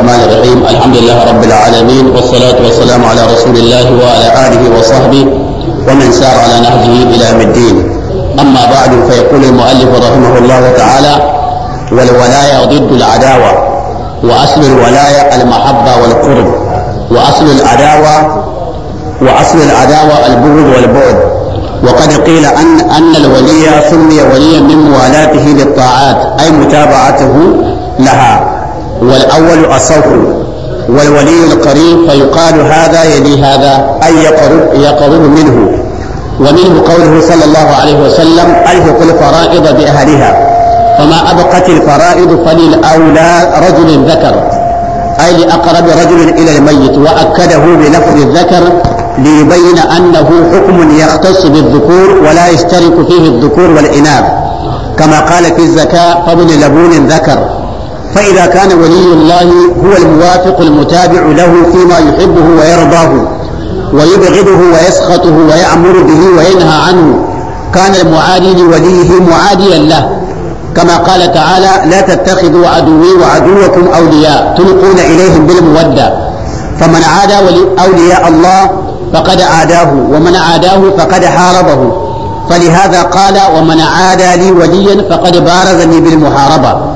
الرحمن الرحيم الحمد لله رب العالمين والصلاة والسلام على رسول الله وعلى آله وصحبه ومن سار على نهجه إلى يوم الدين أما بعد فيقول المؤلف رحمه الله تعالى والولاية ضد العداوة وأصل الولاية المحبة والقرب وأصل العداوة وأصل العداوة البغض والبعد وقد قيل أن أن الولي سمي وليا من موالاته للطاعات أي متابعته لها والأول أصر والولي القريب فيقال هذا يلي هذا أي يقرب, يقرب منه ومنه قوله صلى الله عليه وسلم ألحق الفرائض بأهلها فما أبقت الفرائض فللأولى رجل ذكر أي لأقرب رجل إلى الميت وأكده بلفظ الذكر ليبين أنه حكم يختص بالذكور ولا يشترك فيه الذكور والإناث كما قال في الزكاة فمن لبون ذكر فإذا كان ولي الله هو الموافق المتابع له فيما يحبه ويرضاه ويبغضه ويسخطه ويأمر به وينهى عنه كان المعادي لوليه معاديا له كما قال تعالى لا تتخذوا عدوي وعدوكم أولياء تلقون إليهم بالمودة فمن عادى أولياء الله فقد عاداه ومن عاداه فقد حاربه فلهذا قال ومن عادى لي وليا فقد بارزني بالمحاربة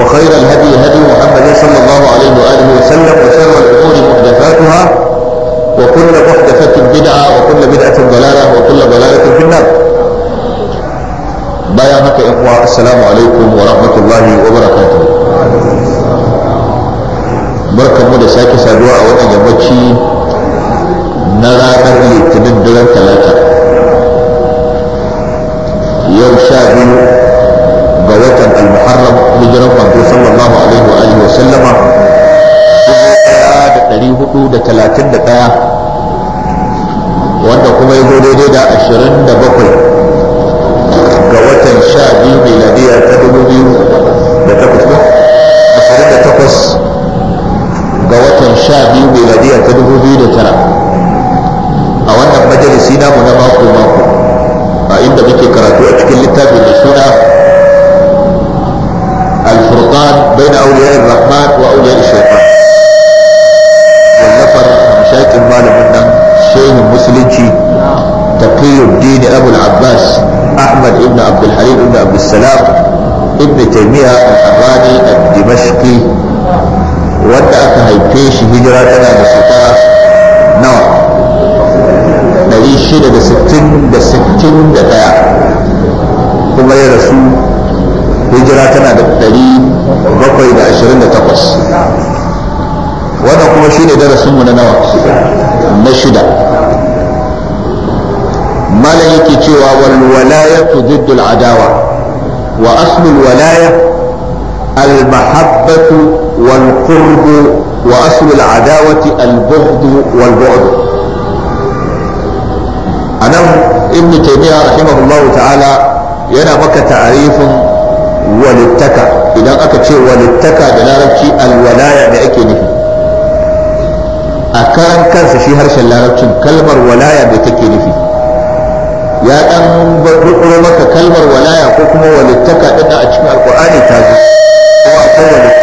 وخير الهدي هدي محمد صلى الله عليه وآله وسلم وشر الأمور محدثاتها وكل محدثة بدعة وكل بدعة ضلالة وكل ضلالة في النار بايا مكة إخوة السلام عليكم ورحمة الله وبركاته barkan mu da sake saduwa a wannan yammaci na ranar litinin daren talata ibn taymiya rahimahullahu ta'ala yana maka ta'arifin walittaka idan aka ce walittaka da larabci alwalaya da ake nufi a karan kansa shi harshen larabcin kalmar walaya da take nufi ya dan rukuro maka kalmar walaya ko kuma walittaka din a cikin alkur'ani ta zo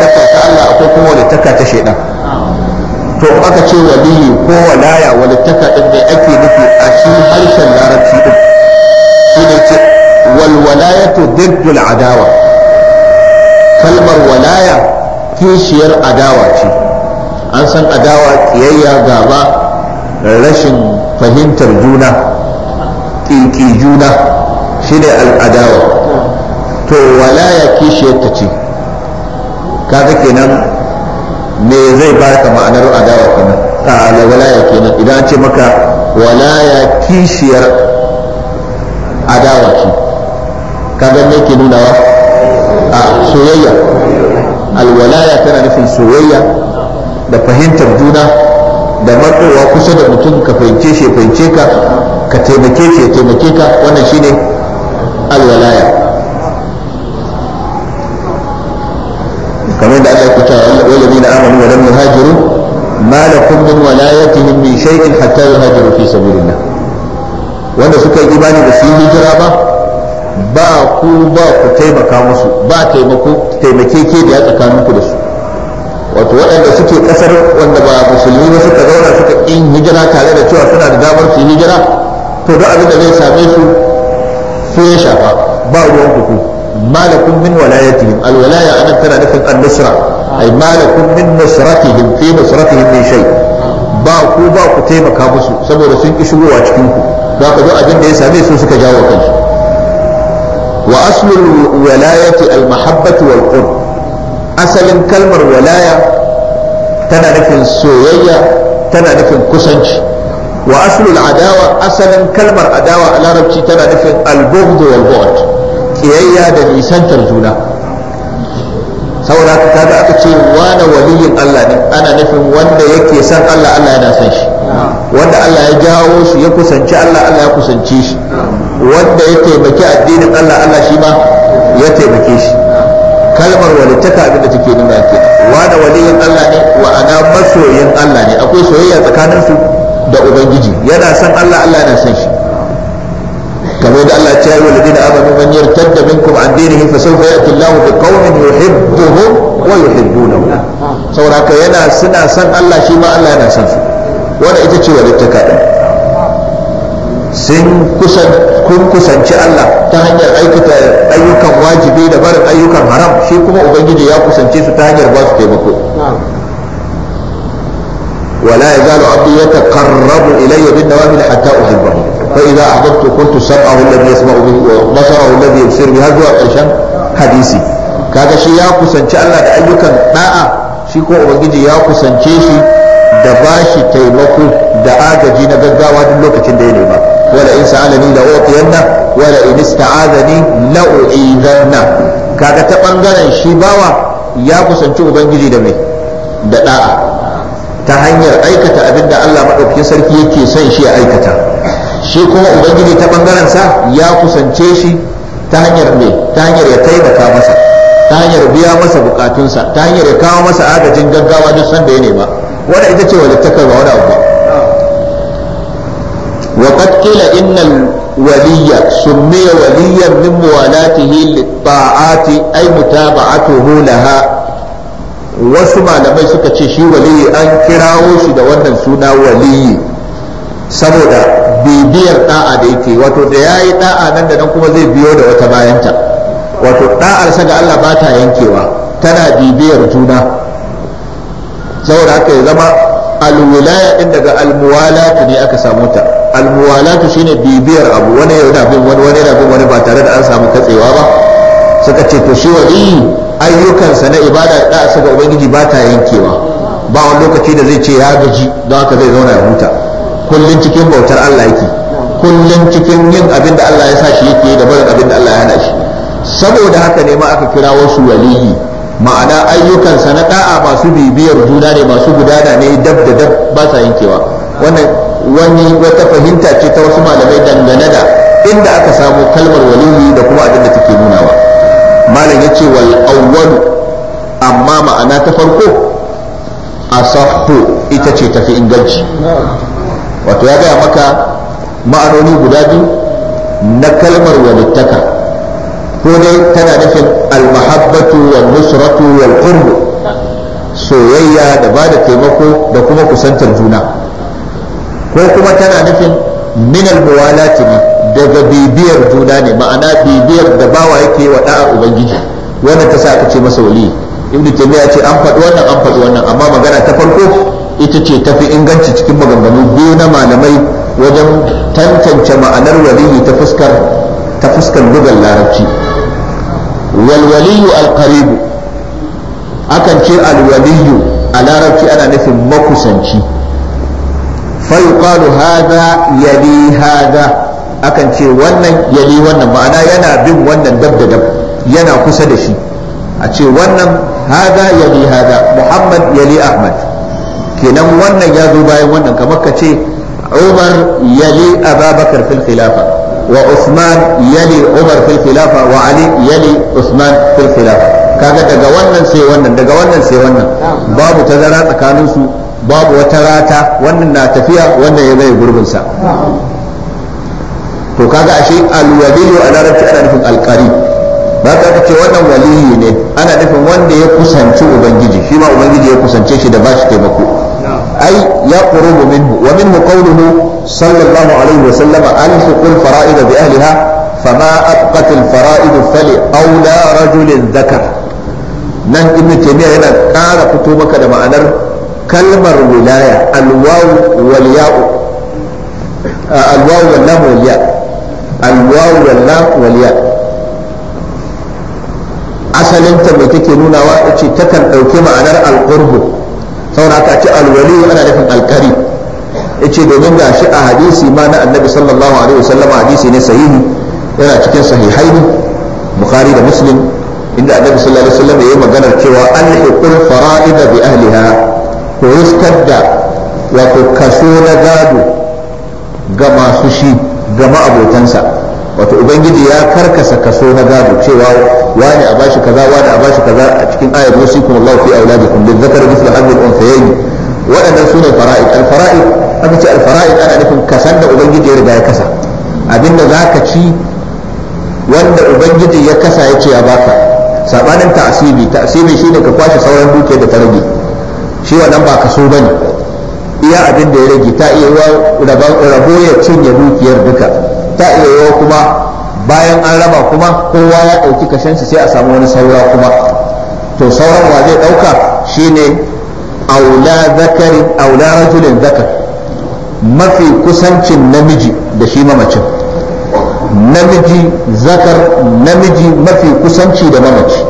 ta Allah kuma ta to aka ce waliyi ko walaya walittaka din ne ake nufi a shi harshen larabci din ne ce wal walayatu diddul adawa kalmar walaya kishiyar adawa ce an san adawa kiyayya gaba rashin fahimtar juna ƙiƙi juna shi ne al'adawa to walaya kishiyar ta ce kaga kenan me zai baka ma'anar adawa kuma ta'ala walaya kenan idan an ce maka walaya kishiyar adawa ce ga me ke nunawa a soyayya alwalaya tana nufin soyayya da fahimtar juna da matsowa kusa da mutum ka fahimce shi fahimce ka ka taimake shi ya taimake ka wannan shine alwalaya kamar da Allah ya ce wajen na amanu wa lam yuhajiru ma lakum min walayatihim min shay'in hatta yuhajiru fi sabilillah wanda suka yi imani da su hijira ba ba ku ba ku taimaka musu ba taimako taimake ke da tsakaninku da su wato waɗanda suke ƙasar wanda ba musulmi ba suka zauna suka yi hijira tare da cewa suna da damar su hijira to duk abin da zai same su su ya shafa ba ruwan kuku ما لكم من ولايتهم الولاية أنا ترى نفل النصرة أي ما لكم من نصرتهم في نصرتهم من شيء باقوا باقوا تيما كابسوا سبو رسين إشو هو أجكيوكو باقوا جو أجن ليس هم يسوس كجاوة وأصل الولاية المحبة والقرب أصل كلمة الولاية تنا نفل سوية تنا نفل كسنج وأصل العداوة أصل كلمة العداوة على ربشي تنا نفل البغض والبعد biyayya da nisantar juna saboda ta kaga aka ce wani waliyin Allah ne ana nufin wanda yake san Allah Allah yana san shi wanda Allah ya jawo shi ya kusanci Allah Allah ya kusance shi wanda ya taimaki addinin Allah Allah shi ma ya taimake shi kalmar walittaka abinda take nuna ke wani waliyin Allah ne wa ana masoyin Allah ne akwai soyayya tsakanin su da ubangiji yana san Allah Allah yana san shi kamar yadda Allah ya ce wa ladina amanu man yartadda minkum an dinihi fa sawfa ya'ti Allahu bi qaumin yuhibbuhum wa yuhibbunahu sauraka yana suna san Allah shi ma Allah yana san su wanda ita ce walittaka din sun kusan Allah ta hanyar aikata ayyukan wajibi da barin ayyukan haram shi kuma ubangiji ya kusance su ta hanyar ba su taimako ولا يزال عبدي يتقرب الي بالنوافل حتى احبه fa idza ahbabtu kuntu sab'ahu alladhi yasma'u bihi wa basarahu alladhi yubsir bihi har zuwa karshen? hadisi kaga shi ya kusanci Allah da ayyukan da'a shi ko ubangiji ya kusance shi da bashi taimako da agaji na gaggawa duk lokacin da ya nema wala in sa'alani la utiyanna wala in ista'azani la u'izanna kaga ta bangaren shi bawa ya kusanci ubangiji da mai da da'a ta hanyar aikata abin da Allah maɗaukakin sarki yake son shi ya aikata shi kuma ubangiji ta bangaren sa ya kusance shi ta hanyar ne ta hanyar ya taimaka masa ta hanyar biya masa bukatunsa ta hanyar ya kawo masa agajin gaggawa duk da ya nema wanda ita ce walittakar ba wani abu ba وقد قيل إن الولي سمي وليا من موالاته للطاعات أي متابعته لها wasu malamai suka ce shi waliyi an kirawo shi da wannan suna waliyi saboda bibiyar da'a da yake wato da ya yi da'a nan da nan kuma zai biyo da wata bayanta wato sa ga Allah ba ta yankewa tana bibiyar juna saboda haka ya zama alwilaya din daga almuwalatu ne aka samu ta almuwalatu shine bibiyar abu wani yana bin wani wani yana bin wani ba tare da an samu katsewa ba suka ce to shi wali ayyukansa na ibada da'a sa ga ubangiji ba ta yankewa ba wani lokaci da zai ce ya gaji don haka zai zauna ya huta kullun cikin bautar Allah yake kullum cikin yin abin da Allah ya sa shi yake da barin abin da Allah ya hana shi saboda haka ne ma aka kira wasu walihi ma'ana ayyukansa na da'a masu bibiyar juna ne masu gudana ne dab da dab ba sa yankewa wannan wani wata fahimta ce ta wasu malamai dangane da inda aka samu kalmar walihi da kuma abin da take nunawa malam ya ce wal awwalu amma ma'ana ta farko asahu ita ce tafi inganci wato ya gaya maka ma'anoni guda biyu na kalmar walittaka ko dai tana nufin almahabbatu wal nusratu wal qurb soyayya da ba da taimako da kuma kusantar juna ko kuma tana nufin minal almuwalati ne daga bibiyar juna ne ma'ana bibiyar da bawa yake wa da'a ubangiji wannan ta sa aka ce masa wali ibnu taymiya ce an faɗi wannan an faɗi wannan amma magana ta farko ita ce tafi inganci cikin maganganu biyu na malamai wajen tantance ma'anar waliyu ta fuskar ta lugar larabci walwaliyu alqaribu akan ce alwaliyu a larabci ana nufin makusanci fa yuqalu yali hadha akan ce wannan yali wannan ma'ana yana bin wannan dab da dab yana kusa da shi a ce wannan hada yali hada muhammad yali ahmad kenan wannan ya zo bayan wannan kamar ka ce Umar yali Abubakar fil khilafa wa Usman yali Umar fil khilafa wa Ali yali Usman fil khilafa kaga daga wannan sai wannan daga wannan sai wannan babu tazara tsakanin su babu wata rata wannan na tafiya wannan ya mai gurbin sa to kaga ashe al alwaliyu a larabci ana nufin alqari ba ka ce wannan waliyi ne ana nufin wanda ya kusanci ubangiji shi ma ubangiji ya kusance shi da bashi taimako أي يقرب منه ومنه قوله صلى الله عليه وسلم ألحق الفرائض بأهلها فما أبقت الفرائض فلأولى رجل ذكر نحن نعم، ابن تيمية هنا قال كتبك لما أنر كلمة الولاية الواو والياء آه، الواو واللام والياء الواو واللام والياء أسأل أنت mai take nunawa تكن او ɗauki ma'anar القرب saboda aka ce alwali ana nufin alkari yace domin ga shi a hadisi ma na annabi sallallahu alaihi wasallam hadisi ne sahihi yana cikin sahihaini bukhari da muslim inda annabi sallallahu alaihi wasallam yayi maganar cewa alhiqul fara'id bi ahliha ko riskar da wato kaso na gado ga masu shi ga ma'abotansa wato ubangiji ya karkasa kaso na gado cewa wani a bashi kaza wani a bashi kaza a cikin ayat kuma Allah fi auladikum bil zakar mithlu hadhihi al-unthayayn waɗannan sune fara'id al-fara'id aka ce al-fara'id ana nufin kasan da ubangiji ya riga ya kasa abinda zaka ci wanda ubangiji ya kasa ya ce ya baka sabanin ta'asibi ta'asibi shine ka kwashe sauran dukiyar da ta rage shi wannan ba kaso bane iya abinda ya rage ta iya rabo ya cinye dukiyar duka ta iya yawa kuma bayan an raba kuma kowa ya ɗauki kashensa sai a samu wani saura kuma to sauran wa zai ɗauka shine aula zakarin aula rajulin zakar mafi kusancin namiji da shi mamacin namiji zakar namiji mafi kusanci da mamaci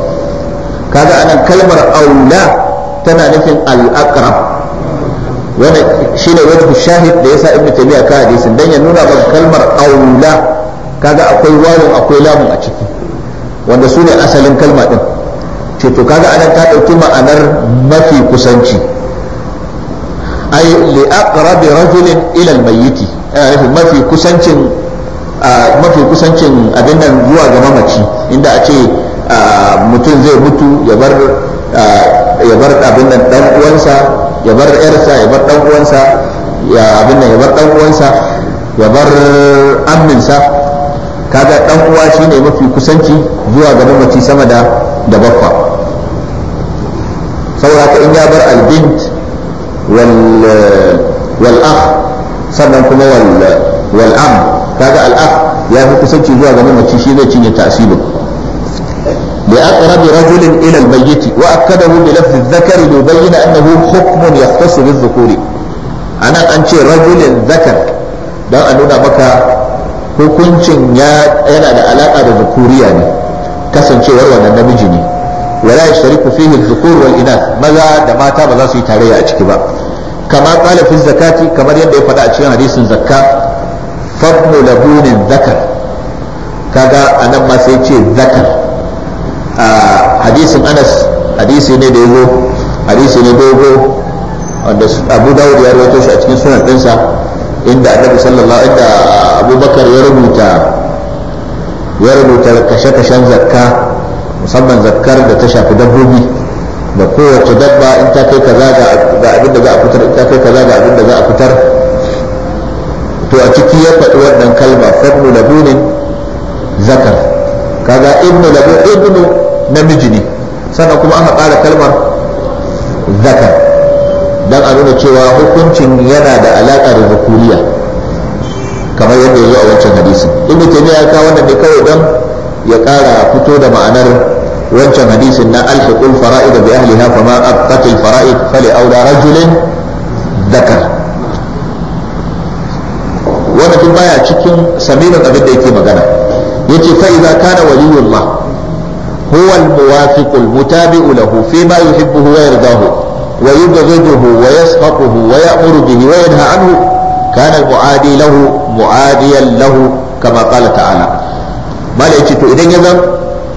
kaga anan kalmar aula tana nufin al'aqrab wanda shine wajhu shahid da ya sa ibnu tabiya ka hadisin dan ya nuna ba kalmar aula kaga akwai wawun akwai lamun a ciki wanda su ne asalin kalma din ce kaga anan ta dauki ma'anar mafi kusanci ay li aqrabi rajulin ila al-mayyiti mafi kusancin mafi kusancin abin nan zuwa ga mamaci inda a ce mutum zai mutu ya bar ya bar abin nan dan uwansa ya bar yarsa ya bar dan uwansa ya abin nan ya bar dan uwansa ya bar amminsa kaga dan uwa shine mafi kusanci zuwa ga mamaci sama da da baffa saboda ka in ya bar albint wal wal akh sannan kuma wal wal am kaga al akh ya fi kusanci zuwa ga mamaci shi zai cinye tasibin بأقرب رجل إلى الميت وأكده بلفظ الذكر ليبين أنه حكم يختص بالذكور أنا أنشي رجل ذكر ده أنونا maka hukuncin yana da alaka da zukuriya ne kasancewar wannan namiji ne wala yashriku fihi dhukur wal inath maza da mata ba za su yi tarayya a ciki ba kama qala fi zakati kamar yadda ya faɗa a cikin hadisin zakka fadlu labunin zakar kaga anan ma sai ce zakar hadisin anas hadisi ne da ya zo hadisi ne dogo wanda abu dawud ya rubuta shi a cikin sunan dinsa inda annabi sallallahu alaihi inda abubakar ya rubuta ya rubuta kashe-kashen zakka musamman zakkar da ta shafi dabbobi da kowace dabba in ta kai kaza ga abin da za a fitar in ta kai kaza ga abin da za a fitar to a ciki ya faɗi wannan kalma fadlu labunin zakar kaga ibnu labu ibnu namiji ne sannan kuma aka ƙara kalmar zakar don a nuna cewa hukuncin yana da alaƙa da zakuriya kamar yadda ya zo a wancan hadisin In taymiya ya kawo wannan ne kawai don ya ƙara fito da ma'anar wancan hadisin na alhiqul fara'id bi ahliha fama abqatil fara'id fali aula rajulin zakar wannan baya cikin samirin abin da yake magana yace fa idza kana waliyullah هو الموافق المتابع له فيما يحبه ويرضاه ويبغضه ويسخطه ويأمر به وينهى عنه كان المعادي له معاديا له كما قال تعالى ما تو إذن يزم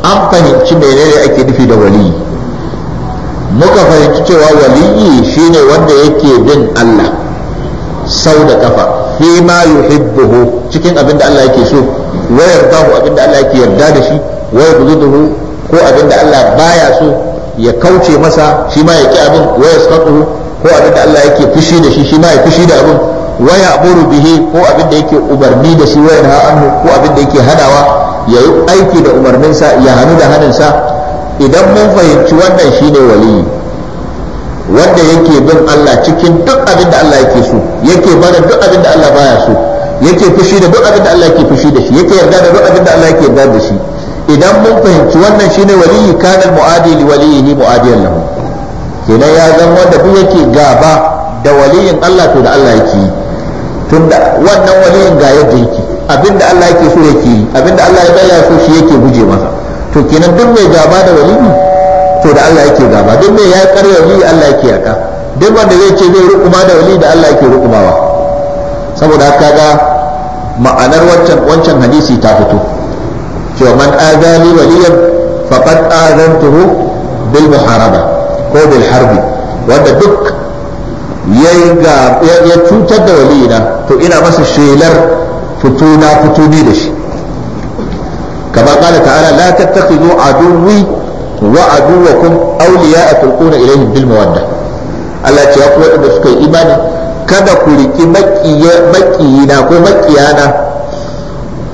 an fahimci menene ake nufi da waliyi muka fahimci cewa waliyi shine wanda yake bin Allah sau da kafa fi ma yuhibbuhu cikin abin da Allah yake so wa abin da Allah yake yarda da shi wa ko abin da Allah baya so ya kauce masa shi ma ya ki abin waya yasqatu ko abin da Allah yake fushi da shi shi ma ya fushi da abin waya buru bihi ko abin da yake umarni da shi waya na annu ko abin da yake hadawa ya yi aiki da umarninsa ya hannu da hannunsa idan mun fahimci wannan shine waliyi wanda yake bin Allah cikin duk abin da Allah yake so yake bada duk abin da Allah baya so yake fushi da duk abin da Allah yake fushi da shi yake yarda da duk abin da Allah yake yarda da shi idan mun fahimci wannan shine waliyi kanal mu'adi li waliyihi mu'adiyan lahu kenan ya zama wanda duk yake gaba da waliyin Allah to da Allah yake yi tunda wannan waliyin ga yadda yake abinda Allah yake so yake abinda Allah ya bayyana so shi yake guje masa to kenan duk mai gaba da waliyi to da Allah yake gaba duk mai ya karya waliyi Allah yake yaka duk wanda zai ce zai rukuma da waliyi da Allah yake rukumawa saboda haka ga ma'anar wancan wancan hadisi ta fito cewa azali waliyan faqad azantuhu bil muharaba ko bil wanda duk ya cutar da waliyina to ina masa shelar fituna fituni da shi kama kala ta'ala la tattakhidhu aduwwi wa aduwwakum a tulquna ilayhim bil mawadda Allah ce ya ku waɗanda suka yi imani kada ku riki maƙiyina ko maƙiyana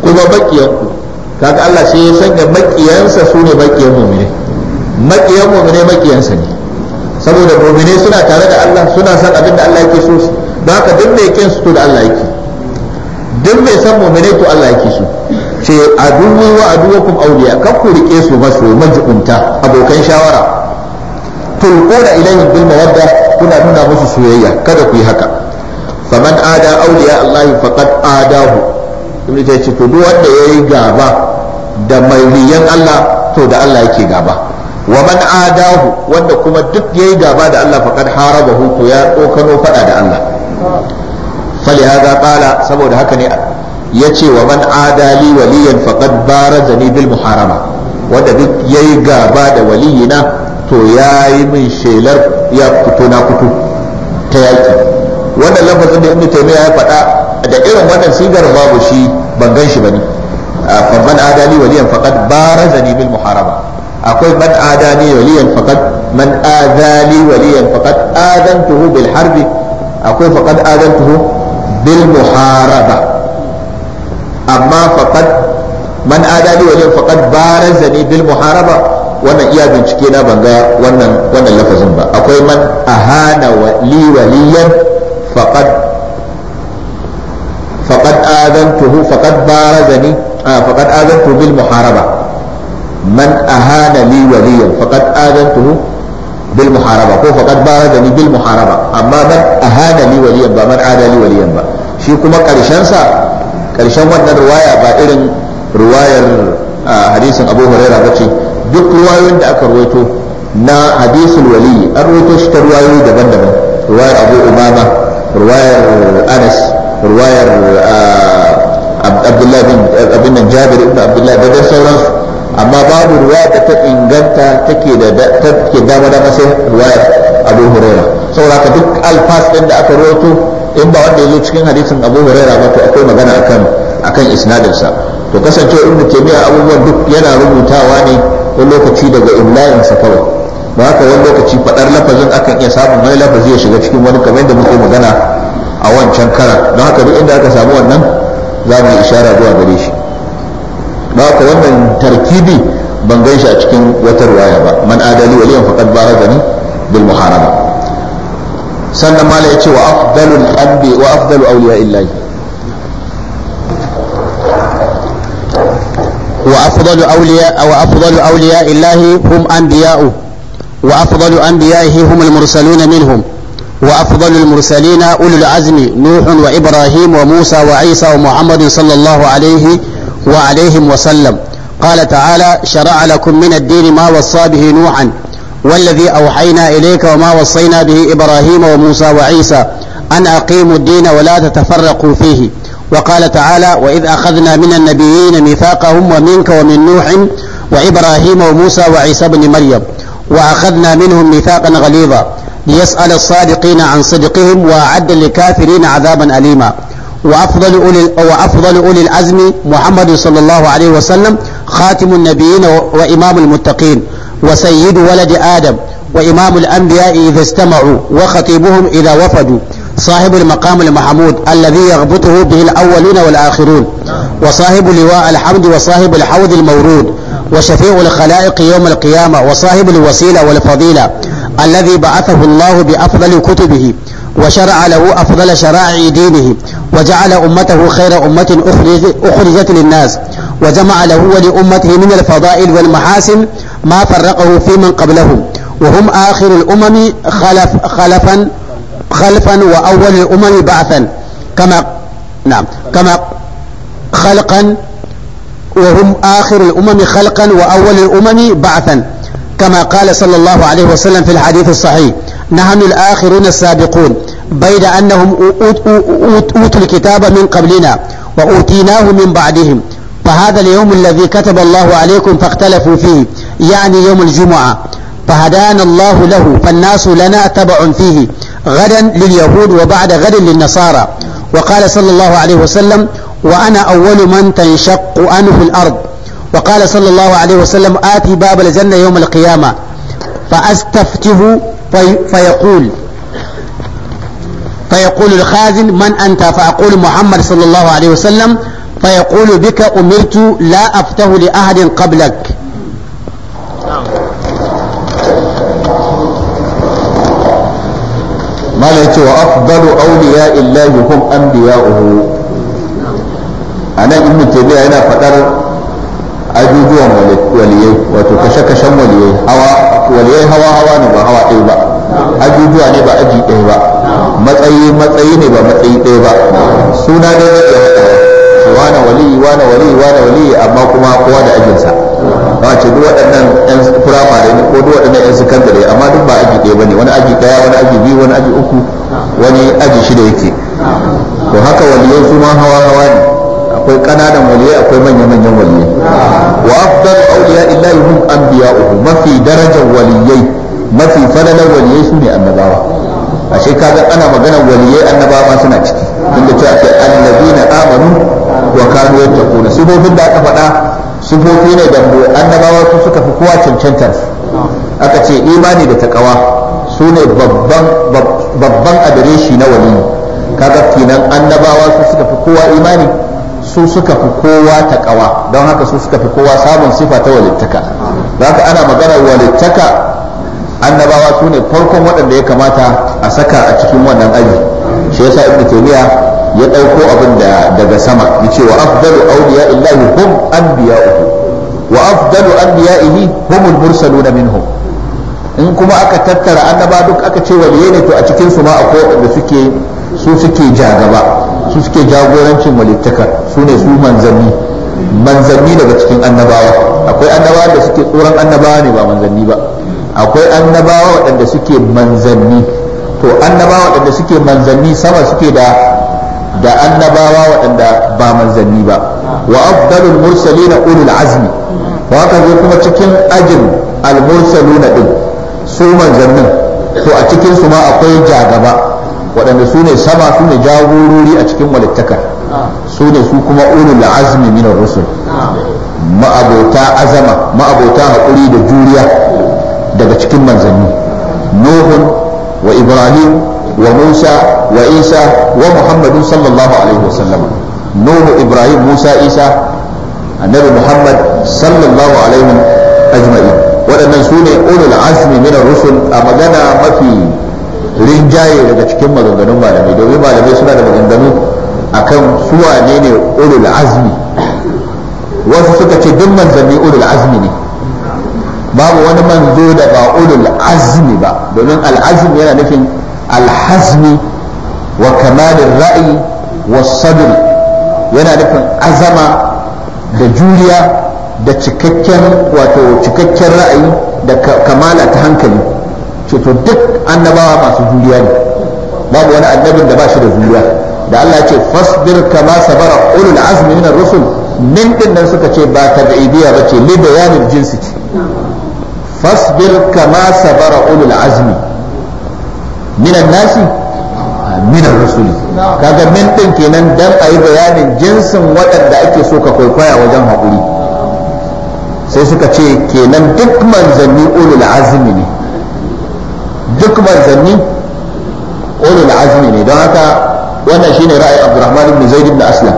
kuma kaga Allah sai ya sanya makiyansa su ne makiyan mu'mine makiyan mu'mine makiyansa ne saboda mu'mine suna tare da Allah suna san abin da Allah yake so su don haka duk mai kin su to da Allah yake duk mai san mu'mine to Allah yake so ce aduwi wa aduwakum awliya kan ku rike su maso majibunta abokan shawara tulquna ilayhim bil mawadda kuna nuna musu soyayya kada ku yi haka faman ada awliya Allah faqad adahu ibnu ce to duk wanda yayi gaba da mai niyan Allah to da Allah yake gaba wa man adahu wanda kuma duk yayi gaba da Allah faqad harabahu to ya kokano fada da Allah fali hada qala saboda haka ne yace wa man adali waliyan faqad barazani bil muharama wanda duk yayi gaba da waliyina to yayi min shelar ya fito na fito ta yaki wannan lafazin da ibnu taymiya ya faɗa da irin wannan sigar babu shi ban gan shi bane man adani waliyan faqad barazani bil muharaba akwai man adani waliyan faqad man adani waliyan faqad adantuhu bil harbi akwai faqad adantuhu bil muharaba amma faqad man adani waliyan faqad barazani bil muharaba wannan iya bincike na banga wannan wannan lafazin ba akwai man ahana li waliyan faqad faqad adantuhu faqad barazani faqad azantu bil li waliyan faqad azantuhu bil muharaba ko faqad baradani bil muharaba amma man ahana li waliyan ba man ada li waliyan ba shi kuma karshen ƙarshen karshen wannan riwaya ba irin riwayar hadisin Abu Hurairah ce duk riwayoyin da aka rawaito na hadisul wali an rawaito shi ta riwayoyi daban-daban riwayar Abu Umama riwayar Anas abin nan jabir ibn abdullahi da dai sauransu amma babu ruwaya da ta inganta take da take dama dama sai ruwaya abu huraira saboda duk alfas din da aka roto in ba wanda yazo cikin hadisin abu huraira ba to akwai magana akan akan isnadin sa to kasance ibn taymiya abubuwan duk yana rubutawa ne wani lokaci daga imlayin sa kawai ba haka wani lokaci fadar lafazin akan iya samun wani lafazi ya shiga cikin wani kamar da muke magana a wancan karan don haka duk inda aka samu wannan za mu yi ishara zuwa gare shi ba ka wannan tarkibi ban gan shi a cikin wata ruwaya ba man adali waliyan faqad barazani bil muharaba sannan mala yace wa afdalul anbi wa afdalu awliya illahi wa afdalu awliya aw afdalu awliya illahi hum anbiya'u wa afdalu anbiya'ihi hum al mursalun minhum وأفضل المرسلين أولي العزم نوح وإبراهيم وموسى وعيسى ومحمد صلى الله عليه وعليهم وسلم قال تعالى شرع لكم من الدين ما وصى به نوحا والذي أوحينا إليك وما وصينا به إبراهيم وموسى وعيسى أن أقيموا الدين ولا تتفرقوا فيه وقال تعالى وإذ أخذنا من النبيين ميثاقهم ومنك ومن نوح وإبراهيم وموسى وعيسى بن مريم وأخذنا منهم ميثاقا غليظا ليسأل الصادقين عن صدقهم وأعد للكافرين عذابا أليما وأفضل أولي وأفضل أولي العزم محمد صلى الله عليه وسلم خاتم النبيين وإمام المتقين وسيد ولد آدم وإمام الأنبياء إذا استمعوا وخطيبهم إذا وفدوا صاحب المقام المحمود الذي يغبطه به الأولون والآخرون وصاحب لواء الحمد وصاحب الحوض المورود وشفيع الخلائق يوم القيامة وصاحب الوسيلة والفضيلة الذي بعثه الله بأفضل كتبه وشرع له أفضل شرائع دينه وجعل أمته خير أمة أخرجت للناس وجمع له ولأمته من الفضائل والمحاسن ما فرقه في من قبلهم وهم آخر الأمم خلف خلفا خلفا وأول الأمم بعثا كما نعم كما خلقا وهم آخر الأمم خلقا وأول الأمم بعثا كما قال صلى الله عليه وسلم في الحديث الصحيح نحن الآخرون السابقون بيد أنهم أوتوا الكتاب من قبلنا وأوتيناه من بعدهم فهذا اليوم الذي كتب الله عليكم فاختلفوا فيه يعني يوم الجمعة فهدانا الله له فالناس لنا تبع فيه غدا لليهود وبعد غد للنصارى وقال صلى الله عليه وسلم وأنا أول من تنشق عنه الأرض وقال صلى الله عليه وسلم آتي باب الجنة يوم القيامة فأستفته في فيقول فيقول الخازن من أنت فأقول محمد صلى الله عليه وسلم فيقول بك أمرت لا أفته لأحد قبلك ما لا وأفضل أولياء الله هم أنبياؤه أنا إن تيمية هنا فقر ajujuwan waliyai wato kashe-kashen waliyai hawa waliyai hawa hawa ne ba hawa ɗaya ba ajujuwa ne ba aji ɗaya ba matsayi matsayi ne ba matsayi ɗaya ba suna ne ya ɗaya haɗawa wane waliyi wane waliyi wane waliyi amma kuma kowa da ajinsa ba ce duk waɗannan yan firamare ne ko duk waɗannan yan sakandare amma duk ba aji ɗaya ba ne wani aji ɗaya wani aji biyu wani aji uku wani aji shida yake to haka waliyai su ma hawa hawa ne akwai kananan waliyai akwai manya-manyan waliyai wa afdal awliya illahi hum anbiya'uhu mafi darajar waliyai mafi fadalar waliyai shine annabawa ashe kaga ana magana waliyai annabawa suna ciki inda cewa ce allazina amanu wa kanu yattaquna sifofin da aka faɗa sifofi ne da annabawa su suka fi kowa cancantar aka ce imani da takawa sune babban babban adireshi na waliyi kaga kenan annabawa su suka fi kowa imani su suka fi kowa ta kawa don haka su suka fi kowa samun sifa ta walittaka Da haka ana magana walittaka annabawa su ne farkon waɗanda ya kamata a saka a cikin wannan aji shi yasa ibnu taymiya ya ɗauko abin da daga sama ce wa afdalu awliya illahi hum anbiya'uhu wa afdalu anbiya'ihi humul mursaluna minhum in kuma aka tattara annaba duk aka ce waliyai ne to a cikin su ma akwai waɗanda suke su suke jagaba su suke jagorancin walittakar su ne su manzanni manzanni daga cikin annabawa akwai annabawa da suke tsoron annabawa ne ba manzanni ba akwai annabawa waɗanda suke manzanni to annabawa waɗanda suke manzanni sama suke da da annabawa waɗanda ba manzanni ba wa afdalul mursalina ulul azmi wa haka zai kuma cikin ajin al mursaluna din su manzannin to a cikin su ma akwai jagaba waɗanda su ne sama su ne jagorori a cikin walittakar su ne su kuma ulul azmi min rusul ma'abota azama ma'abota haƙuri da juriya daga cikin manzanni nuhun wa ibrahim wa musa wa isa wa muhammadun sallallahu alaihi wasallam nuhu ibrahim musa isa annabi muhammad sallallahu alaihi wa ajma'in waɗannan su ne ulul azmi min rusul a magana mafi rinjaye daga cikin maganganun malamai domin malamai suna da maganganu akan suwa ne ne ulul azmi wasu suka ce duk manzanni ulul azmi ne babu wani manzo da ba ulul azmi ba domin al'azmi yana nufin alhazmi wa kamalin ra'ayi wa sadri yana nufin azama da juriya da cikakken wato cikakken ra'ayi da kamala ta hankali ce to duk annabawa masu juriya ne babu wani annabin da ba shi da juriya da Allah ya ce fasbir kama sabara ulul azmi minar rusul min din nan suka ce ba tabi'idiyya ba ce li bayanin jinsi ce fasbir kama sabara ulul azmi minan nasi minan rusul kaga min din kenan dan ayi bayanin jinsin waɗanda ake so ka kwaikwaya wajen hakuri sai suka ce kenan duk manzanni ulul azmi ne duk manzanni ulul azmi ne don haka wannan shine ra'ayin Abdurrahman ibn Zaid ibn Aslam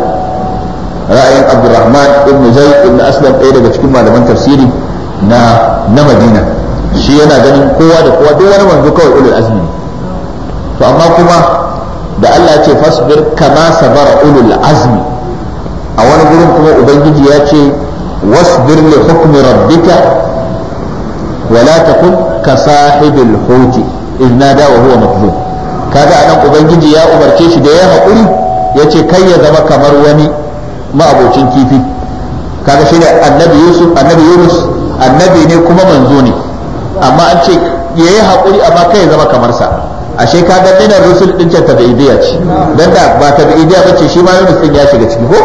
ra'ayin Abdurrahman ibn Zaid ibn Aslam ɗaya daga cikin malaman tafsiri na na Madina shi yana ganin kowa da kowa duk wani manzo kawai ulul azmi ne to amma kuma da Allah ce fasbir kama sabara ulul azmi a wani gurin kuma ubangiji ya ce wasbir li hukmi rabbika wala takun ka sahibil huti in da wa huwa kaga anan ubangiji ya umarce shi da ya haƙuri yace kai ya zama kamar wani ma'abocin kifi kaga shi ne annabi yusuf annabi yunus annabi ne kuma manzo ne amma an ce ya yi haƙuri amma kai ya zama kamar sa ashe kaga dinar rusul din ta tabi'idiyya ce dan da ba tabi'idiyya ba ce shi ma yunus din ya shiga ciki ko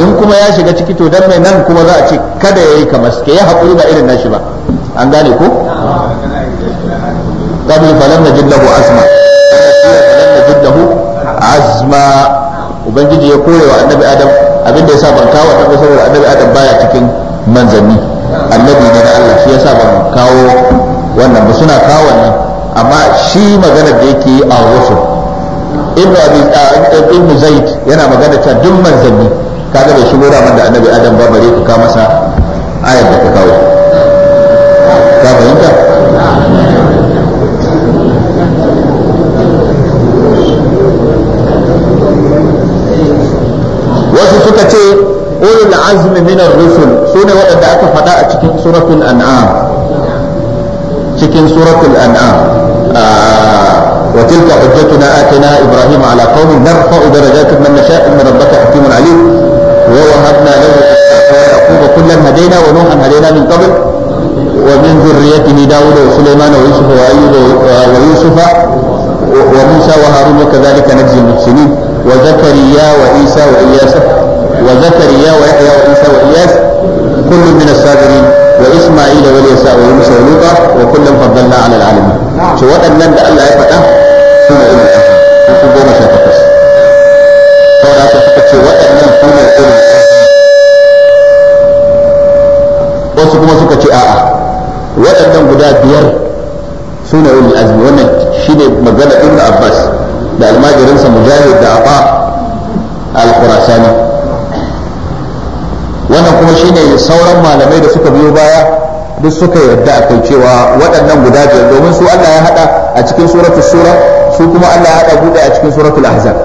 in kuma ya shiga ciki to dan mai nan kuma za a ce kada yayi kamar sa ya haƙuri ba irin nashi ba an gane ko qabl falan najid lahu azma falan najid lahu azma ubangiji ya kore wa annabi adam abinda yasa ban kawo annabi saboda annabi adam baya cikin manzanni annabi ne na Allah shi yasa ban kawo wannan ba suna kawo wannan amma shi maganar da yake yi a wasu ibnu abi ibnu zaid yana magana ta duk manzanni kaga bai shigo da annabi adam ba bare ka masa ayar da ka kawo suka ce ulul azmi min ar-rusul sune wadanda aka fada a cikin suratul an'am cikin suratul an'am wa tilka hujjatuna atina ibrahima ala qawmi narfa'u darajatin man nasha'u min rabbika hakimun alim wa wahabna lahu yaquba kullan hadayna wa nuhan hadayna min qabl wa wa wa wa min daud yusuf ayyub wa yusuf wa musa wa harun wa kadhalika najzi al المحسنين وزكريا وعيسى وإياس وزكريا ويحيى وعيسى والياس كل من الصابرين واسماعيل واليساء ويونس ولوطا وكل فضلنا على العالمين سواء ان الله يفتح ثم ان الله يفتح ثم ان الله wasu kuma suka ce a'a waɗannan guda biyar suna yi azmi wannan shi ne magana ibn abbas da almajirinsa mujahid da aba al wannan kuma shine sauran malamai da suka biyo baya duk suka yarda akai cewa waɗannan guda biyar domin su Allah ya hada a cikin suratul sura su kuma Allah ya hada bude a cikin suratul ahzab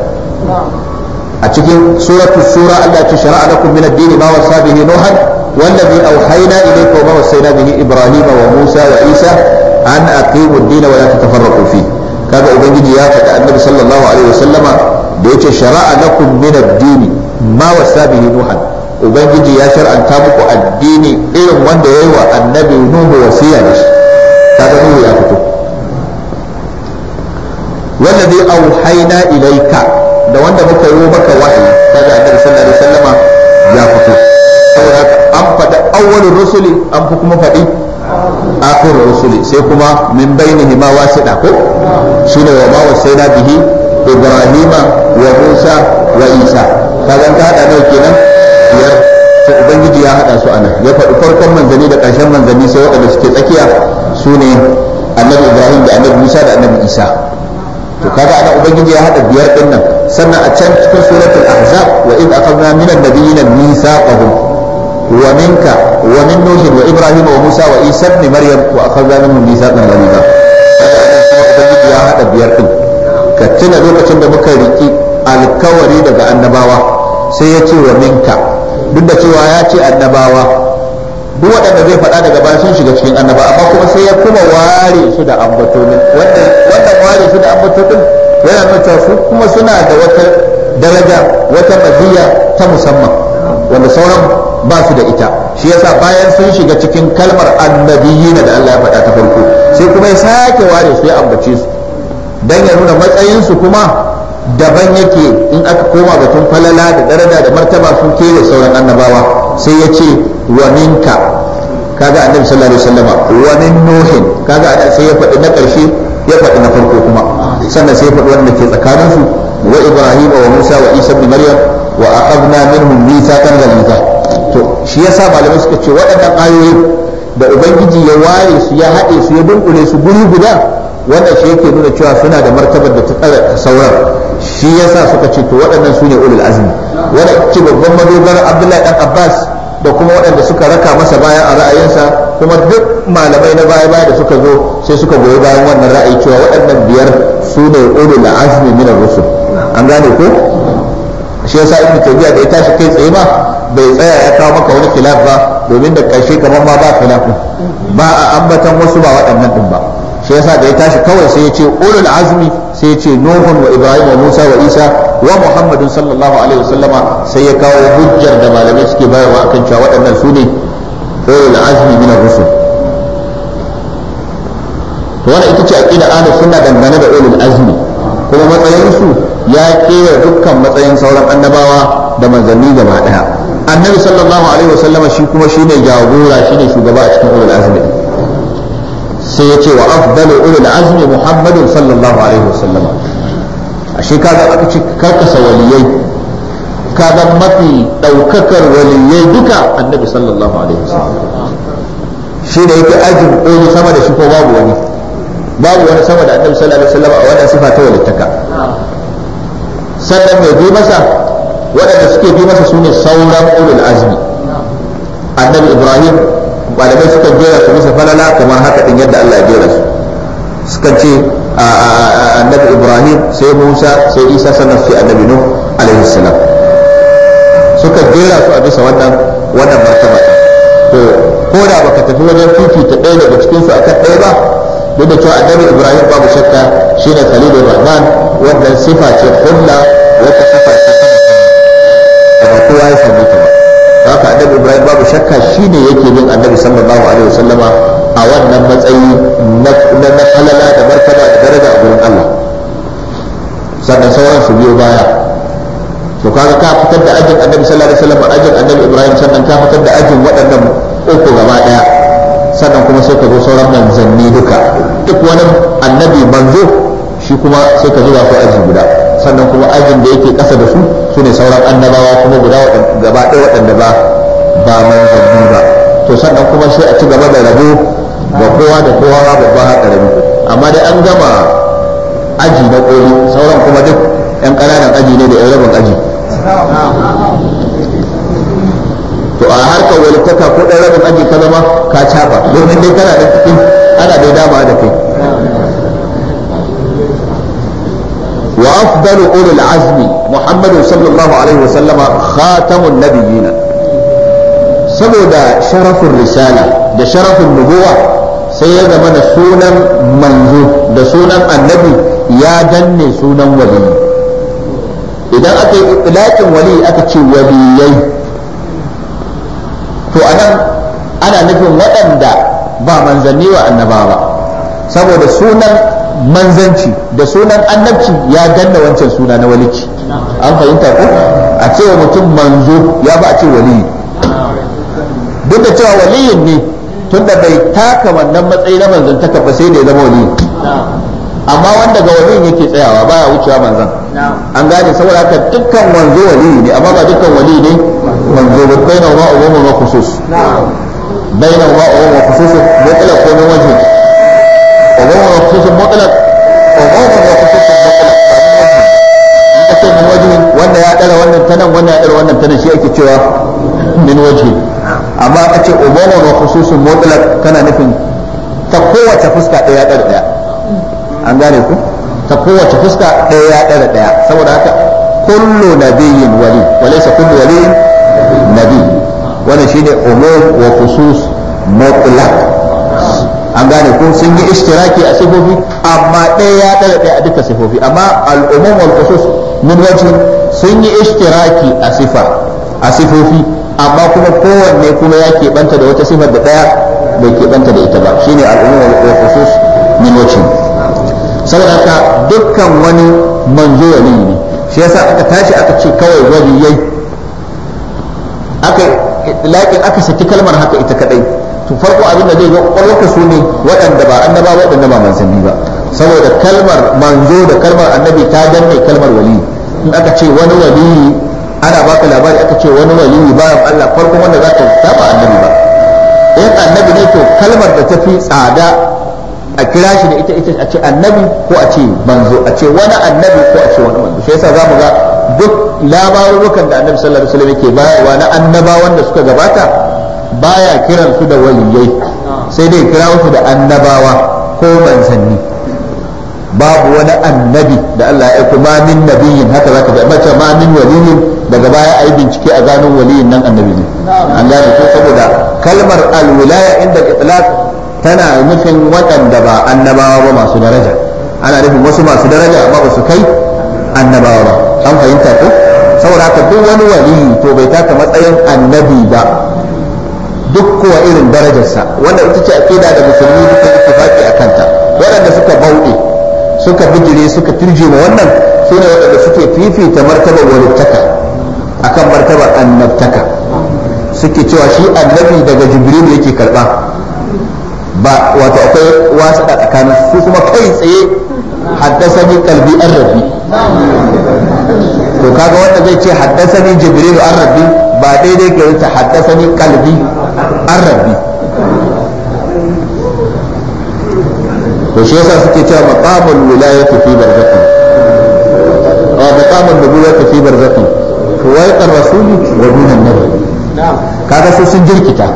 a cikin suratul sura Allah ya ce shara'a lakum min ad-din ma wasa bihi nuhan والذي أوحينا إليك وما وصينا به إبراهيم وموسى وعيسى أن أقيموا الدين ولا تتفرقوا فيه kaga ubangiji ya faɗi annabi sallallahu alaihi wasallama da yace shara'a lakum min ad-din ma wasa bihi nuhan ubangiji ya shar'anta muku addini irin wanda ya yi wa annabi nuhu wasiya da shi ga nuhu ya fito Wanda wallazi auhayna ilaika da wanda muka yi maka wahayi ga annabi sallallahu alaihi wasallama ya fito an faɗi awwalur rusuli an fi kuma faɗi akhirur rusuli sai kuma min bainihima wasida ko shine wa ma wasaina bihi ibrahima wa musa wa isa kaga ta hada kenan biyar sai ubangiji ya hada su anan ya faɗi farkon manzanni da ƙarshen manzanni sai waɗanda suke tsakiya su ne annabi ibrahim da annabi musa da annabi isa to kaga ana ubangiji ya hada biyar din nan sannan a can cikin suratul ahzab wa id aqadna min an-nabiyina mithaqahum wa minka wa min nuh wa ibrahim wa musa wa isa ibn maryam wa aqadna minhum mithaqan ghaliza ubangiji ya hada biyar din ka tuna lokacin da muka riki alkawari daga annabawa sai ya ce wa minka duk da cewa ya ce annabawa duk waɗanda zai faɗa daga bayan sun shiga cikin annaba amma kuma sai ya kuma ware su da ambato wanda ware su da ambato yana nuna cewa su kuma suna da wata daraja wata maziya ta musamman wanda sauran ba su da ita shi yasa bayan sun shiga cikin kalmar annabiyina da Allah ya faɗa ta farko sai kuma ya sake ware su ya ambace su dan ya nuna matsayin su kuma daban yake in aka koma batun falala da daraja da martaba sun da sauran annabawa sai ya ce wa minka kaga annabi sallallahu alaihi wasallama wa min nuhin kaga sai ya faɗi na ƙarshe ya faɗi na farko kuma sannan sai ya faɗi wanda ke tsakanin su wa ibrahim wa musa wa isa ibn maryam wa aqadna minhum mithaqan ghaliza to shi yasa malamai suka ce waɗannan ayoyi da ubangiji ya ware su ya haɗe su ya dunkule su guri guda Wannan shi yake nuna cewa suna da martabar da ta tsara sauran shi yasa suka ce to waɗannan su ne ulul azmi wanda ce babban madogar abdullahi dan abbas da kuma waɗanda suka raka masa baya a ra'ayinsa kuma duk malamai na baya baya da suka zo sai suka goyi bayan wannan ra'ayi cewa waɗannan biyar su ne ulul azmi min rusul an gane ko shi yasa ibnu tabiya da ita tashi kai tsaye ba, bai tsaya ya kawo maka wani khilaf ba domin da ƙarshe kamar ma ba khilafin ba a ambatan wasu ba waɗannan din ba shi yasa da ya tashi kawai sai ya ce ulul azmi sai ya ce nuhun wa ibrahim wa musa wa isa wa muhammadun sallallahu alaihi wasallama sai ya kawo hujjar da malamai suke bayarwa akan cewa waɗannan su ne ulul azmi min ar-rusul to wannan ita ce aqida ahlus sunna dangane da ulul azmi kuma matsayin su ya kera dukkan matsayin sauran annabawa da manzanni gaba daya annabi sallallahu alaihi wasallama shi kuma shine jagora shine shugaba a cikin ulul azmi sai ya ce wa afdalu ulul azmi Muhammadu sallallahu alaihi wasallam ashe kaga aka ce karkasa waliyai Ka kaga mafi daukakar waliyai duka annabi sallallahu alaihi wasallam shi da yake ajin koyi sama da shi ko babu wani babu wani sama da annabi sallallahu alaihi wasallam a wannan sifa ta walittaka sannan mai bi masa waɗanda suke bi masa sune sauran ulul azmi annabi ibrahim malamai suka jera su bisa falala kamar haka ɗin yadda Allah ya jera su sukan ce annabi Ibrahim sai Musa sai Isa sannan sai annabi Nuh alaihi salam suka jera su a bisa wannan wannan martaba to ko da baka tafi wajen ta ɗaya daga cikin su akan ɗaya ba duk da cewa annabi Ibrahim babu shakka shine Khalilur Rahman wannan sifa ce hulla wata sifa ce ta ba kowa ya sami ta ba haka annabi ibrahim babu shakka shine yake bin annabi sallallahu alaihi wasallama a wannan matsayi na halala da martaba da daraja a gurin Allah sannan sauran su biyo baya to kaga ka fitar da ajin annabi sallallahu alaihi wasallam ajin annabi ibrahim sannan ka fitar da ajin waɗannan uku gaba daya sannan kuma sai ka zo sauran manzanni duka duk wani annabi manzo shi kuma sai ka zo su aji guda sannan kuma ajin da yake kasa da su su ne sauran annabawa kuma guda gaba ɗaya waɗanda ba ba manzanni ba to sannan kuma sai a ci gaba da rabo ga kowa da kowa ba babba ha rabi amma dai an gama aji na ƙoli sauran kuma duk 'yan ƙananan aji ne da 'yan rabin aji to a harkar walittaka ko ɗan rabin aji ka zama ka caba domin dai kana da cikin ana dai dama da kai وأفضل أولي العزم محمد صلى الله عليه وسلم خاتم النبيين saboda sharafin risala da sharafin nubuwa sai ya zamana sunan manzo da sunan annabi ya danne sunan wali idan aka yi itilakin wali aka ce waliyayi to anan ana nufin waɗanda ba manzaniwa annaba ba saboda sunan manzanci da sunan annabci ya danna wancan suna na walici an fahimta ko a cewa mutum manzo ya ba a ce waliyi duk da cewa waliyin ne tun da bai taka wannan matsayi na ta ba sai da ya zama waliyi amma wanda ga waliyin yake tsayawa baya wucewa manzan an gane saboda haka dukkan manzo waliyi ne amma ba dukkan waliyi ne manzo ba bai na ma'uwa ma khusus bai na ma'uwa ma khusus mutlaq ko na wajhi wajhin mutlaq wa ya wa khususun mutlaq ba ne wajhin ka ce min wajhin wanda ya dara wannan tanan wanda ya dara wannan tanan shi ake cewa min wajhin amma ka ce umuman wa khususun mutlaq tana nufin ta kowace fuska ɗaya ɗara ɗaya an gane ku ta kowace fuska ɗaya ɗara ɗaya saboda haka kullu nabiyyin wali walaysa kullu waliyin nabi wannan shine umum wa khusus mutlaq an gane ko sun yi ishtiraki a sifofi amma ɗaya ya ɗara ɗaya a duka sifofi amma al'umman wal min wajen sun yi ishtiraki a sifa a sifofi amma kuma kowanne kuma ya keɓanta da wata sifar da ɗaya bai keɓanta da ita ba shine al'umum wal min wajen saboda haka dukkan wani manzo ya ne shi yasa aka tashi aka ce kawai wani yai aka laƙin aka saki kalmar haka ita kadai to farko abin da zai zo kwakwalwarka su ne waɗanda ba annaba waɗanda ba manzanni ba saboda kalmar manzo da kalmar annabi ta danne kalmar wali in aka ce wani wali ana baka labari aka ce wani wali bayan Allah farkon wanda za ka saba annabi ba in annabi ne to kalmar da ta fi tsada a kira shi da ita ita a ce annabi ko a ce manzo a ce wani annabi ko a ce wani manzo shi yasa zamu ga duk labarurukan da annabi sallallahu alaihi wasallam yake bayarwa na annabawan da suka gabata baya kiran su da waliyai sai dai kira su da annabawa ko manzanni babu wani annabi da Allah ya kuma min nabiyin haka zaka ga mace ma min waliyin daga baya ai bincike a ganin waliyin nan annabi ne an gane ko saboda kalmar alwilaya inda itlaq tana nufin waɗanda ba annabawa ba masu daraja ana nufin wasu masu daraja amma ba su kai annabawa ba an fahimta ko saboda haka duk wani wali to bai taka matsayin annabi ba duk kuwa irin darajarsa wanda ita ce akida da musulmi duka faɗi a kanta waɗanda suka bauɗe suka bijire suka turje ma wannan su ne waɗanda suke fifita martaba walittaka akan martaba annabtaka suke cewa shi annabi daga jibril yake karba ba wato akwai wasu da tsakanin su kuma kai tsaye haddasa ni kalbi an rabbi to kaga wanda zai ce haddasa ni jibril an rabbi ba daidai ke haddasa ni kalbi an rabbi to shi yasa suke cewa maqamul wilayati fi barzakhin wa maqamul nubuwati fi barzakhin fuwaiqar rasuli wa dunan nabi kaga su sun jirkita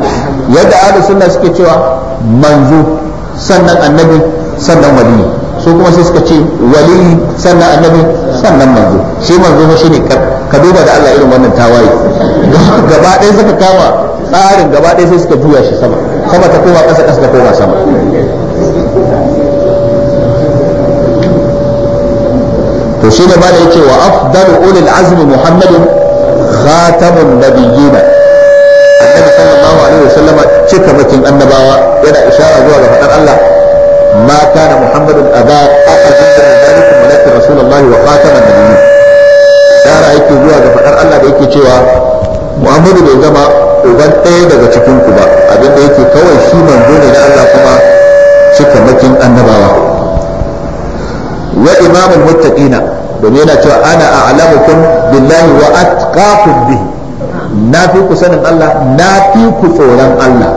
yadda ahlus sunna suke cewa manzo sannan annabi sannan wali su kuma sai suka ce wali sannan annabi sannan manzo shi manzo ne ka duba da Allah irin wannan tawaye gaba ɗaya suka kama tsarin gaba ɗaya sai suka juya shi sama sama ta koma ƙasa ƙasa ta koma sama to shi ne bala yace wa afdalu ulil azmi muhammadin khatamun nabiyina annabi sallallahu alaihi wasallam cika bakin annabawa yana ishara zuwa ga fadar Allah ma kana muhammadun aba ahadin min zalikum rasulullahi wa khatamun nabiyyin dara yake zuwa ga fadar Allah da yake cewa muhammadu bai zama uban ɗaya daga cikin ku ba abinda yake kawai shi manzo ne na Allah kuma cikamakin annabawa wa imamul muttaqina domin yana cewa ana a'lamukum billahi wa atqakum bihi na fi ku sanin Allah na fi ku tsoron Allah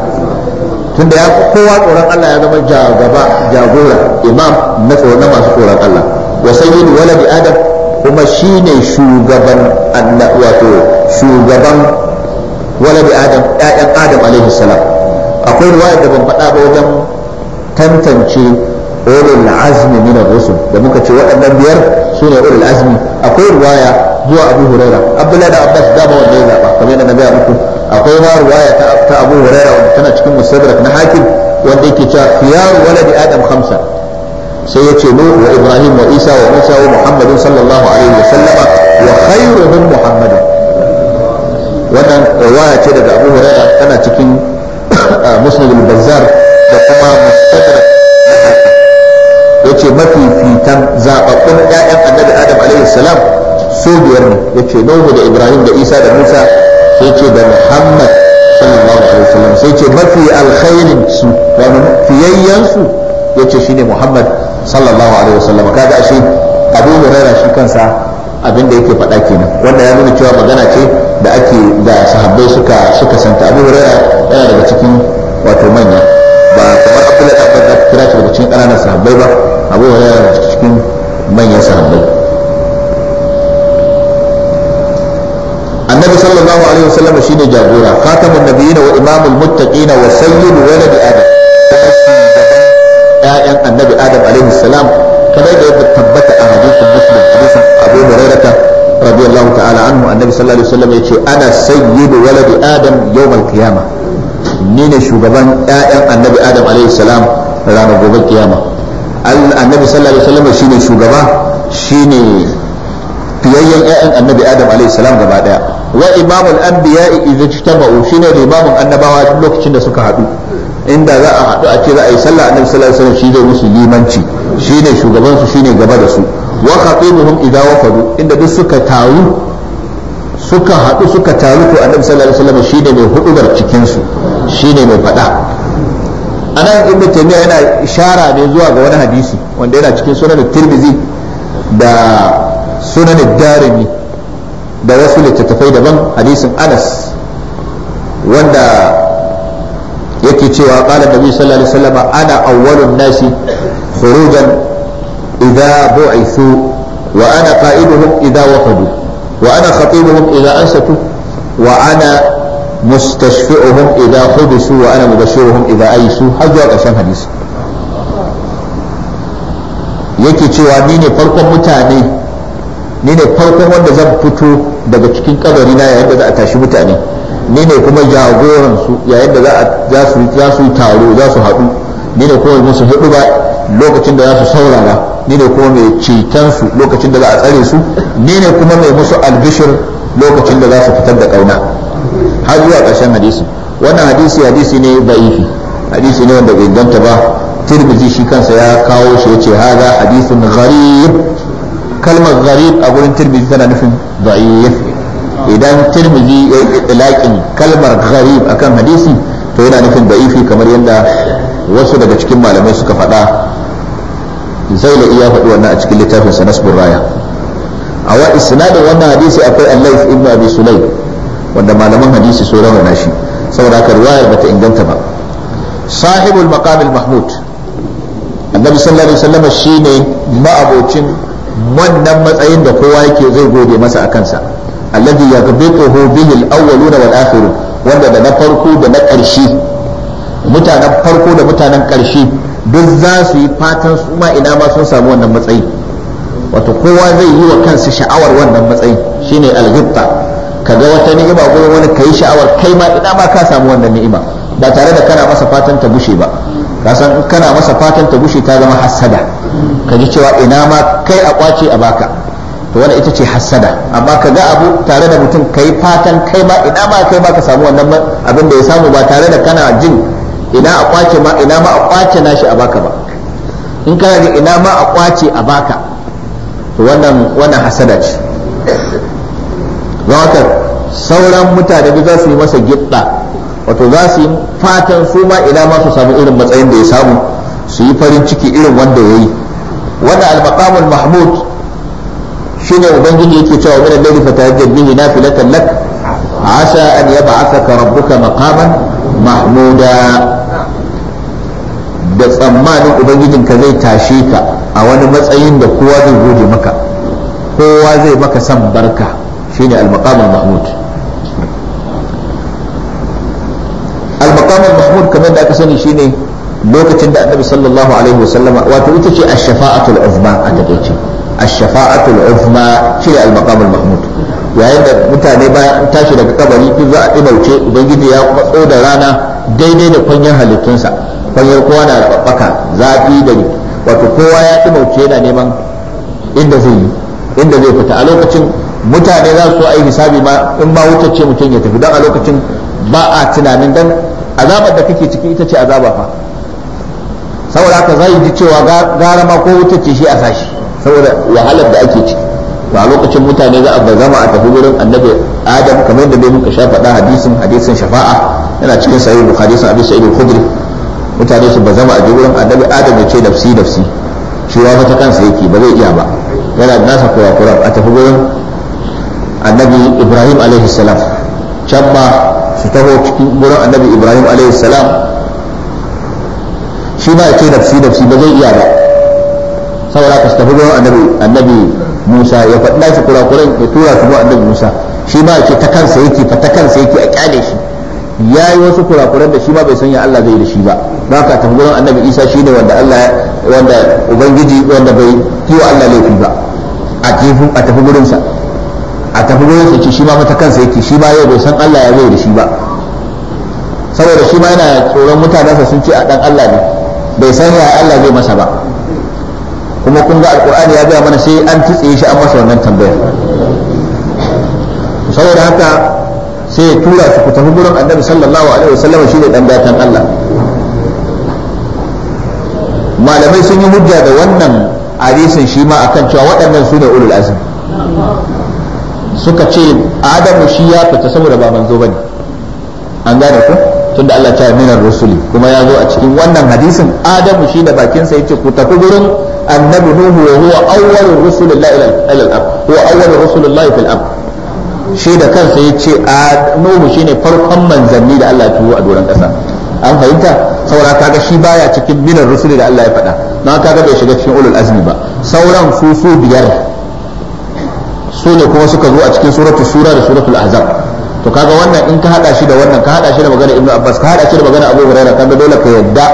tunda ya kowa tsoron Allah ya zama jagaba jagora imam na tsoron na masu tsoron Allah wa sayyidu waladi adam kuma shine shugaban Allah wato shugaban walad adam ƴaƴan adam alaihi akwai riwaya da ban faɗa wajen tantance ulul azmi min ar-rusul da muka ce waɗannan biyar sune ulul azmi akwai riwaya zuwa Abu Huraira Abdullahi da Abbas da ba wanda ya zaba kamar yadda na ga muku akwai ruwaya ta Abu Huraira wanda tana cikin Mustadrak na Hakim wanda yake cewa khiyaru walad adam khamsa sai ya ce Nuh wa Ibrahim wa Isa wa Musa wa Muhammadin sallallahu riwaya ce daga Abu Hurairah tana cikin ah, Musnad al da kuma Mustadrak yace mafifitan zababbun ƴaƴan Annabi Adam alaihi salam biyar ne yace Nuhu da Ibrahim da Isa da Musa sai ce da Muhammad sallallahu alaihi ce mafi alkhairin su wani fiyayyan su yace shine Muhammad sallallahu alaihi wasallam kaga ashe Abu shi kansa abin da yake faɗa kenan wanda ya nuna cewa magana ce da ake da sahabbai suka suka santa abu huraira yana daga cikin wato manya ba kamar abdullahi abbas da kira shi daga cikin ƙananan sahabbai ba abu huraira daga cikin manyan sahabbai annabi sallallahu alaihi wasallam ne jagora khatamun nabiyina wa imamul muttaqina wa sayyidu waladi adam ya ya'yan annabi adam alaihi salam kamar da yadda tabbata a hadisin muslim hadisin abu hurairata radiyallahu ta'ala anhu annabi sallallahu alaihi wasallam yace ana sayyidu waladi adam yawmal qiyama ni ne shugaban ƴaƴan annabi adam alaihi salam ranar gobe kiyama annabi sallallahu alaihi wasallam shine shugaba shine fiyayyen ƴaƴan annabi adam alaihi salam gaba daya wa imamul anbiya'i idza ijtama'u shine limamin annabawa lokacin da suka haɗu inda za a haɗu a ce za a yi sallah annabi sallallahu alaihi wasallam shi musu limanci shine shugaban su shine gaba da su wa khatibuhum idza wafadu inda duk suka taru suka haɗu suka taru to annabi sallallahu alaihi wasallam shine mai hudubar cikin su shine mai faɗa anan ibnu taymiya yana ishara ne zuwa ga wani hadisi wanda yana cikin sunan tirmidhi da sunan darimi da wasu littattafai daban hadisin anas wanda cewa qala nabi sallallahu alaihi wasallam ana awwalun nasi khurujan idza bu'ithu wa ana qa'iduhum idza wafadu wa ana khatibuhum idza ansatu wa ana mustashfi'uhum idza hubisu wa ana mubashiruhum idza aisu har zuwa ƙarshen hadisi yake cewa ni ne farkon mutane ni ne farkon wanda zan fito daga cikin kabari na yayin da za a tashi mutane ni ne kuma jagoran su yayin da za su za su taro za su haɗu ni ne kuma musu hudu ba lokacin da za su saurara ni ne kuma mai ceton su lokacin da za a tsare su ni ne kuma mai musu albishir lokacin da za su fitar da kauna har zuwa ƙarshen hadisi wannan hadisi hadisi ne da'ifi hadisi ne wanda bai danta ba tirmizi shi kansa ya kawo shi ya ce haza hadisin gharib kalmar gharib a gurin tirmizi tana nufin da'if idan tirmidhi ya yi ilakin kalmar gharib akan hadisi to yana nufin da'ifi kamar yadda wasu daga cikin malamai suka faɗa zai la iya faɗi wannan a cikin littafinsa nasbur raya a wa isnadin wannan hadisi akwai Allah ibnu abi sulay wanda malaman hadisi sun rawana shi saboda haka riwayar bata inganta ba sahibul maqam mahmud annabi sallallahu alaihi wasallam shine ma'abocin wannan matsayin da kowa yake zai gode masa a kansa alladhi yaghbituhu bihi al-awwaluna wal akhirun wanda da na farko da na ƙarshe mutanen farko da mutanen ƙarshe duk za su yi fatan su ma ina ma sun samu wannan matsayi wato kowa zai yi wa kansa sha'awar wannan matsayi shine al-ghibta kaga wata ni'ima gurin wani kai sha'awar kai ma ina ma ka samu wannan ni'ima ba tare da kana masa fatan ta bushe ba kasan in kana masa fatan ta bushe ta zama hasada. ka ji cewa ina ma kai a kwace a baka to wannan ita ce hassada amma ka ga abu tare da mutum kai fatan kai ma ina ma kai ba ka samu wannan abin da ya samu ba tare da kana jin ina a kwace ma ina ma a kwace nashi a baka ba in kana ga ina ma a kwace a baka to wannan wannan hasada ce zaka sauran mutane da za su yi masa gidda wato za su yi fatan su ma ina ma su samu irin matsayin da ya samu su yi farin ciki irin wanda ya yi wannan al-maqamul mahmud shine ubangiji yake cewa min al-layli fatahajjad bihi nafilatan lak asa an yab'athaka rabbuka maqaman mahmuda da tsammanin ubangijinka zai tashe ka a wani matsayin da kowa zai gode maka kowa zai maka san barka shine al-maqam mahmud al-maqam mahmud kamar da aka sani shine lokacin da annabi sallallahu alaihi wasallama wato ita ce ash-shafa'atul uzma a takeice الشفاعه العظمى في المقام المحمود maqam al-mahmud yayin da mutane bayan tashi daga kabari duk za a ɗibauce ubangiji ya matso da rana daidai da kwanyar halittunsa kwanyar kowa na da babbaka zafi da wato kowa ya ɗibauce yana neman inda zai yi inda zai fita a lokacin mutane za su a yi hisabi ma in ma ce mutum ya tafi don a lokacin ba a tunanin dan azabar da kake ciki ita ce azaba fa saboda haka zai ji cewa gara ma ko wuce ce shi a sashi saboda wahalar da ake ciki to a lokacin mutane za a bazama a tafi wurin annabi adam kamar da bai muka sha faɗa hadisin hadisin shafa'a yana cikin sahih bukhari sun abi sa'id al-khudri mutane su bazama a wurin annabi adam ya ce dafsi dafsi, cewa mata kansa yake ba zai iya ba yana da nasa kura a tafi wurin annabi ibrahim alaihi salam can ma su taho cikin wurin annabi ibrahim alaihi salam shi ma ya ce dafsi dafsi ba zai iya ba saboda ka tafi zuwa annabi annabi Musa ya faɗa shi kurakuran ya tura su zuwa annabi Musa shi ma ce ta kansa yake fa ta kansa yake a kyale shi ya yi wasu kurakuran da shi ma bai sanya Allah zai da shi ba ba ka tafi gurin annabi Isa shi ne wanda Allah wanda ubangiji wanda bai yi wa Allah laifi ba a tafi a tafi gurin sa a tafi gurin sa ce shi ma mata kansa yake shi ma yau bai san Allah ya zai da shi ba saboda shi ma yana tsoron mutanen sa sun ce a dan Allah ne bai san ya Allah zai masa ba kuma kun ga alkur'ani ya gaya mana sai an tutse shi an masa wannan tambayar saboda haka sai ya tura su ku tafi gurin annabi sallallahu alaihi wasallam shi ne dan bayan Allah malamai sun yi hujja da wannan hadisin shi ma akan cewa waɗannan su ne ulul azmi suka ce adamu shi ya fita saboda ba manzo bane an gane ku tunda Allah ta minar rusuli kuma ya zo a cikin wannan hadisin adamu shi da bakin sa yace ku tafi gurin annabi nuhu wa أول awwalur الله إلى الأرض هو أول awwalur الله في الأرض shi da kansa ya ce a nuhu shine farkon manzanni da Allah ya turo a doron kasa an fahimta saura kaga shi baya cikin minar rusuli da Allah ya faɗa na kaga bai shiga cikin ulul azmi ba sauran su su biyar su ne kuma suka zo a cikin suratul sura da suratul azab to kaga wannan in ka hada shi da wannan ka hada shi da magana ibnu abbas ka hada shi da magana abu hurairah kaga dole ka yadda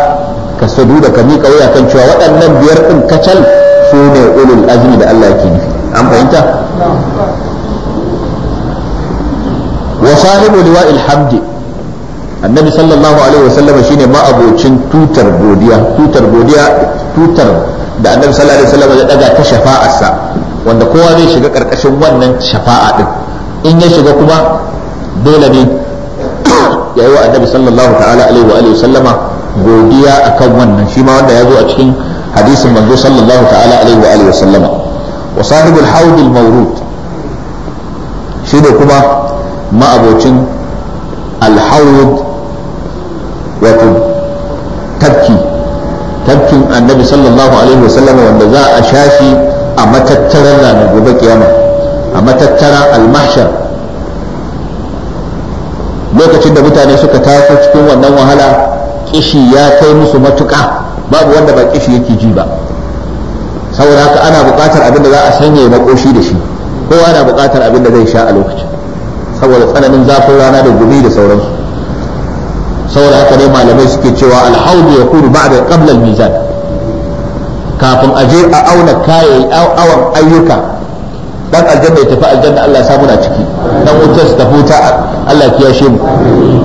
ka sadu da ka miƙa wuya kan cewa waɗannan biyar ɗin kacal su ne ulul azmi da Allah yake nufi an fahimta wa sahibu liwa'il hamdi annabi sallallahu alaihi wasallam shine ma'abocin tutar godiya tutar godiya tutar da annabi sallallahu alaihi wasallam ya daga ta shafa'arsa wanda kowa zai shiga karkashin wannan shafa'a din in ya shiga kuma dole ne ya yi wa annabi sallallahu ta'ala alaihi wa alihi sallama godiya akan wannan shi ma wanda ya zo a cikin hadisin manzo sallallahu ta'ala alaihi wa alihi wa sallama wa sahibul hawd mawrud shi da kuma ma'abocin alhawud hawd wato tabki tabkin annabi sallallahu alaihi wa sallama wanda za a shashi a matattarar ranar gobe kiyama a matattara al lokacin da mutane suka taso cikin wannan wahala kishi ya kai musu matuƙa babu wanda ba kishi yake ji ba saboda haka ana buƙatar abin da za a sanya makoshi da shi kowa ana buƙatar abin da zai sha a lokacin saboda tsananin zafin rana da gumi da sauransu saboda haka ne malamai suke cewa alhaudu ya kuru ba qabla al-mizan kafin a je a auna kayan awan ayyuka dan aljanna ya tafi aljanna Allah ya na ciki dan wuta su tafi wuta Allah ya kiyashe mu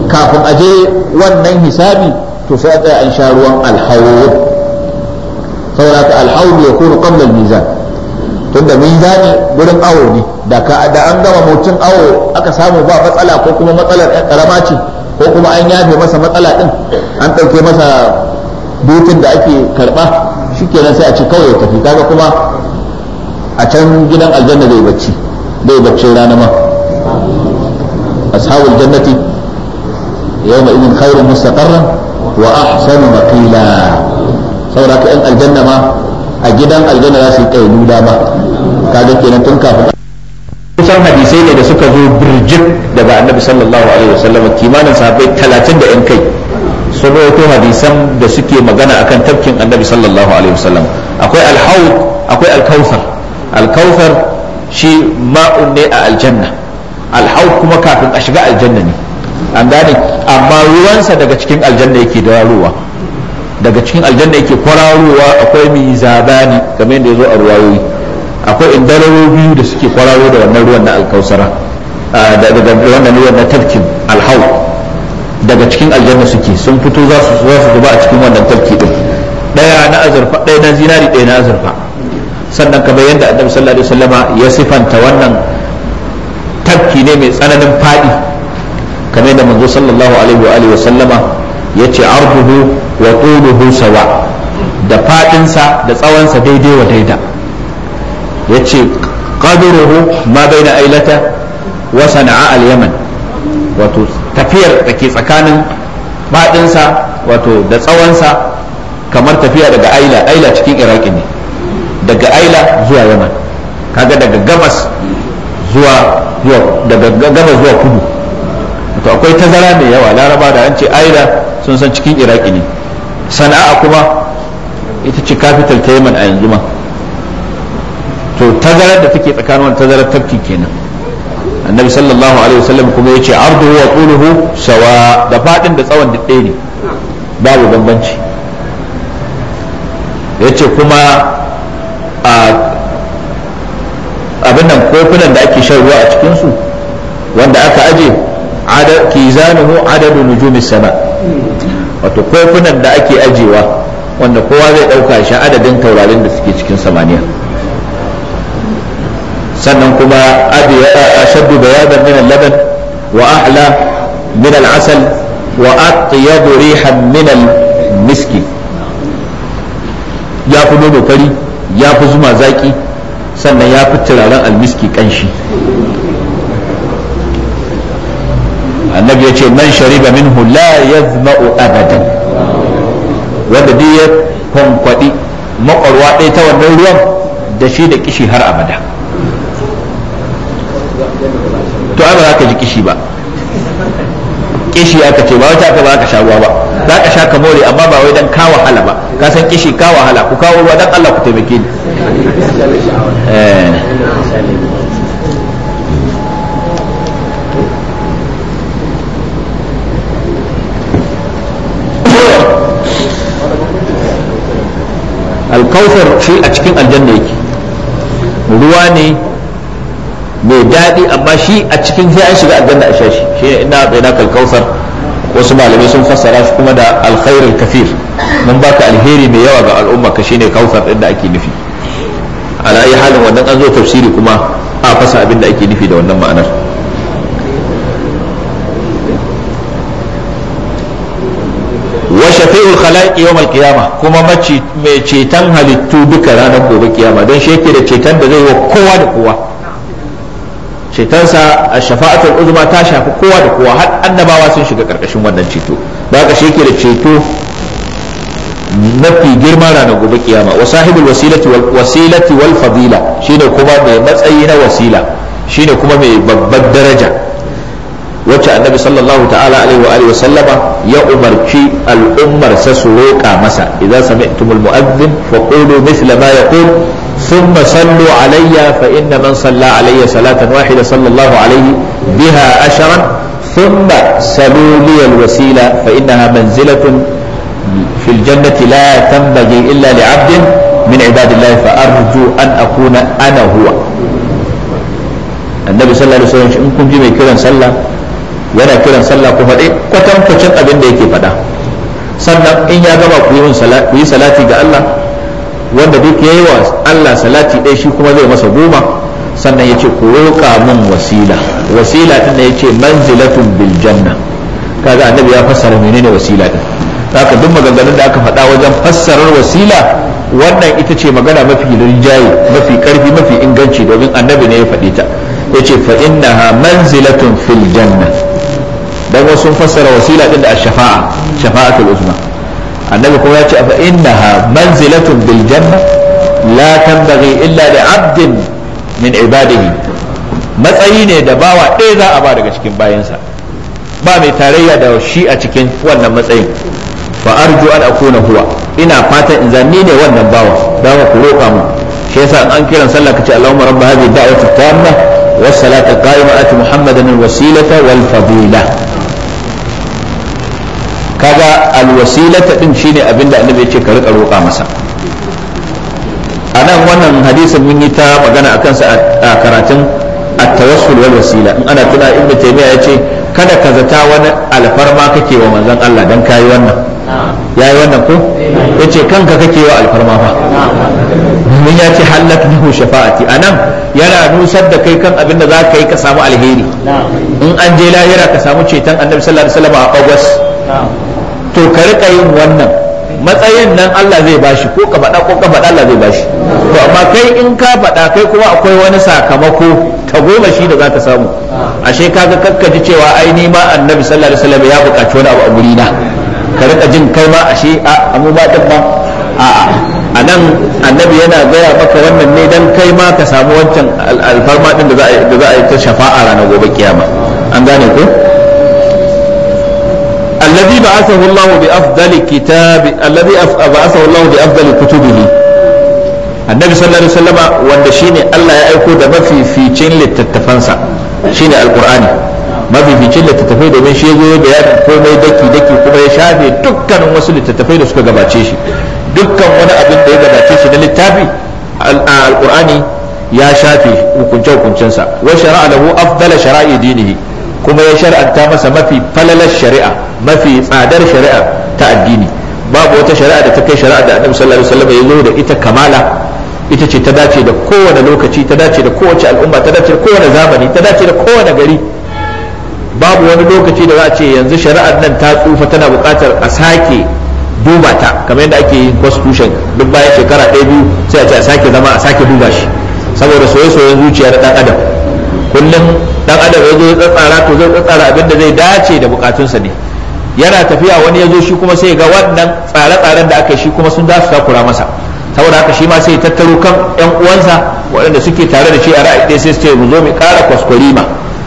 kafin a je wannan hisabi to sai tsaya an sha ruwan alhawo saboda ka alhawar ya kuma kamlar mizan tunda mizani gurin awo ne da ka da an gama mutum awo aka samu ba matsala ko kuma matsalar yan karama ce ko kuma an yafe masa matsala din an ɗauke masa butin da ake karɓa shikenan sai a ci kawai ya tafi kaga kuma a can gidan aljanna zai bacci zai bacci rana ma ashabul jannati yawma idin khairun mustaqarran wa ahsanu maqila saboda ka yan aljanna ma a gidan aljanna za su yi kainu dama kaga kenan tun kafin kusan hadisai ne da suka zo birjin daga annabi sallallahu alaihi wasallam kimanin sahabbai talatin da yan kai sun rawaito hadisan da suke magana akan tafkin annabi sallallahu alaihi wasallam akwai alhaud akwai alkauthar alkauthar shi ma'un ne a aljanna alhaud kuma kafin a shiga aljanna ne an gane amma ruwansa daga cikin aljanna yake dararowa daga cikin aljanna yake kwararowa akwai mai zabani kamar yadda ya zo a ruwayoyi akwai indararo biyu da suke kwararo da wannan ruwan na alkausara daga wannan ruwan na tafkin alhau daga cikin aljanna suke sun fito za su zuba a cikin wannan tafki din daya na azurfa daya na zinari daya na azurfa sannan kamar yadda annabi sallallahu alaihi wasallama ya sifanta wannan tafki ne mai tsananin fadi kamar da manzo sallallahu alaihi wa alihi wasallama yace arduhu wa tuluhu sawa da fadinsa da tsawonsa daidai wa daida yace qadruhu ma baina ailata wa sana'a al-yaman wato tafiyar da ke tsakanin fadinsa wato da tsawonsa kamar tafiya daga aila aila cikin iraki ne daga aila zuwa yaman kaga daga gabas zuwa daga gabas zuwa kudu to akwai tazara mai yawa laraba da an ce aida sun san cikin iraki ne sana'a kuma ita ce capital ta yaman a yanzu ma to tazarar da take tsakanin tazarar tafki kenan annabi sallallahu alaihi wasallam kuma yace ardu wa quluhu sawa da fadin da tsawon da ɗaya ne babu bambanci yace kuma a abin nan kofunan da ake shan ruwa a cikinsu wanda aka aje adad kizanuhu adadu nujumi sama wato kofunan da ake ajewa wanda kowa zai dauka shi adadin taurarin da suke cikin samaniya sannan kuma ashaddu bayadan min al-laban wa ahla min al-asal wa atyabu rihan min al-miski ya fi nono fari ya fi zuma zaki sannan ya fi turaren almiski kanshi annabi ya ce man shariba minhu la yazma'u abadan wanda duk ya kwankwaɗi makwarwa ɗaya ta wannan ruwan da shi da kishi har abada to ai ba za ka ji kishi ba kishi aka ce ba wata aka ba ka sha ruwa ba za ka sha ka more amma ba wai dan ka wahala ba ka san kishi ka wahala ku kawo ruwa dan Allah ku taimake ni eh. Kausar shi a cikin aljanna yake ruwa ne mai daɗi amma shi a cikin sai an shiga aljanna a sha shi shi ne ina bai naka alkawfar wasu malamai sun fassara shi kuma da alkhairul kafir mun baka alheri mai yawa ga al'umma ka shine kawfar din da ake nufi ala ayi halin wannan an zo tafsiri kuma a fasa abin da ake nufi da wannan ma'anar wa shafi'ul khalaiqi yawm kuma mace mai ceton halittu duka ranar gobe kiyama dan shi ceton da zai wa kowa da kowa cetonsa a shafa'atul uzma ta shafi kowa da kowa har annabawa sun shiga karkashin wannan ceto da haka shi da ceto mafi girma ranar gobe kiyama wa sahibul wasilati wal wasilati wal shine kuma mai matsayi na wasila shine kuma mai babbar daraja wacce annabi sallallahu ta'ala alaihi wa alihi sallama ya umarci al'ummar sa su roƙa masa idan sami'tumul mu'adhdhin faqulu mithla ma yaqul thumma sallu alayya fa inna man salla alayya salatan wahida sallallahu alayhi biha asharan thumma salu li alwasila fa innaha manzilatun fil jannati la tanbaji illa li 'abdin min ibadillahi fa arju an akuna ana huwa annabi sallallahu alaihi wasallam in kun ji mai kiran sallah yana kiran sallah ku faɗi kwatankwacin abin da yake faɗa sannan in ya gama ku yi salati ga Allah wanda duk ya yi wa Allah salati ɗaya shi kuma zai masa goma sannan ya ce ku roƙa min wasila wasila ɗin ya ce manzilatun bil janna kaga annabi ya fassara menene wasila ɗin haka duk maganganun da aka faɗa wajen fassarar wasila wannan ita ce magana mafi rinjaye mafi ƙarfi mafi inganci domin annabi ne ya faɗi ta ya ce fa innaha manzilatun fil janna dan wasu fassara wasila din da ash-shafa'a shafa'atul uzma annabi kuma ya ce fa innaha manzilatun bil janna la tanbaghi illa li 'abdin min ibadihi matsayi ne da bawa ɗaya za a ba daga cikin bayansa ba mai tarayya da shi a cikin wannan matsayin fa arju an akuna huwa ina fatan in zanni ne wannan bawa da ku roƙa mu shi yasa an kiran sallah kace Allahumma rabb hadhihi da'wati tamma was salatu qa'ima ati muhammadan al wasilata wal kaga alwasilata din shine abin da annabi ya ce ka rika roƙa masa a nan wannan hadisin mun yi ta magana a kansa a karatun at-tawassul wal wasila in ana tuna ibnu taymiya ya ce kada ka zata wani alfarma kake wa manzon Allah dan kayi wannan ya yi wannan ko yace kanka kake wa alfarma fa domin ya ce hallat lahu shafa'ati nan yana nusar da kai kan abin da za ka yi ka samu alheri in an je lahira ka samu ceton annabi sallallahu alaihi wasallam a bagwas to ka rika yin wannan matsayin nan Allah zai bashi ko ka faɗa ko ka faɗa Allah zai bashi to amma kai in ka faɗa kai kuma akwai wani sakamako ta goma shi da zaka samu ashe kaga kakkaji cewa ai ni ma annabi sallallahu alaihi wasallam ya buƙaci wani abu a guri na ka rika jin kai ma ashe a mu ba din ba a'a a nan annabi yana gaya maka wannan ne dan kai ma ka samu wancan alfarma din da za a yi ta shafa'a ranar gobe kiyama an gane ko alladhi ba'athahu Allah bi afdali kitabi alladhi ba'athahu Allah bi afdali kutubihi annabi sallallahu alaihi wasallama wanda shine Allah ya aiko da mafificin littattafansa shine alqur'ani mafificin littattafai domin shi da ya bayanin komai daki daki kuma ya shafe dukkanin wasu littattafai da suka gabace shi dukkan wani abin da ya gabace shi na littafi alqur'ani ya shafe hukunce hukuncensa wa shara'a lahu afdala shara'i kuma ya shar'anta masa mafi falalar shari'a mafi tsadar shari'a ta addini babu wata shari'a da ta kai shari'a da annabi sallallahu alaihi wasallam ya zo da ita kamala ita ce ta dace da kowane lokaci ta dace da kowace al'umma ta dace da kowane zamani ta dace da kowane gari babu wani lokaci da za a ce yanzu shari'ar nan ta tsufa tana buƙatar a sake duba ta kamar yadda ake yin constitution duk bayan shekara ɗaya biyu sai a ce a sake zama a sake duba shi saboda soye-soyen zuciya na ɗan adam kullum dan adam ya zo tsatsara to zai tsatsara abin da zai dace da bukatunsa ne yana tafiya wani ya zo shi kuma sai ga wannan tsare-tsaren da aka yi shi kuma sun za su takura masa saboda haka shi ma sai tattaro kan yan uwansa waɗanda suke tare da shi a ra'ayi ɗaya sai su ce mu zo mu ƙara kwaskwarima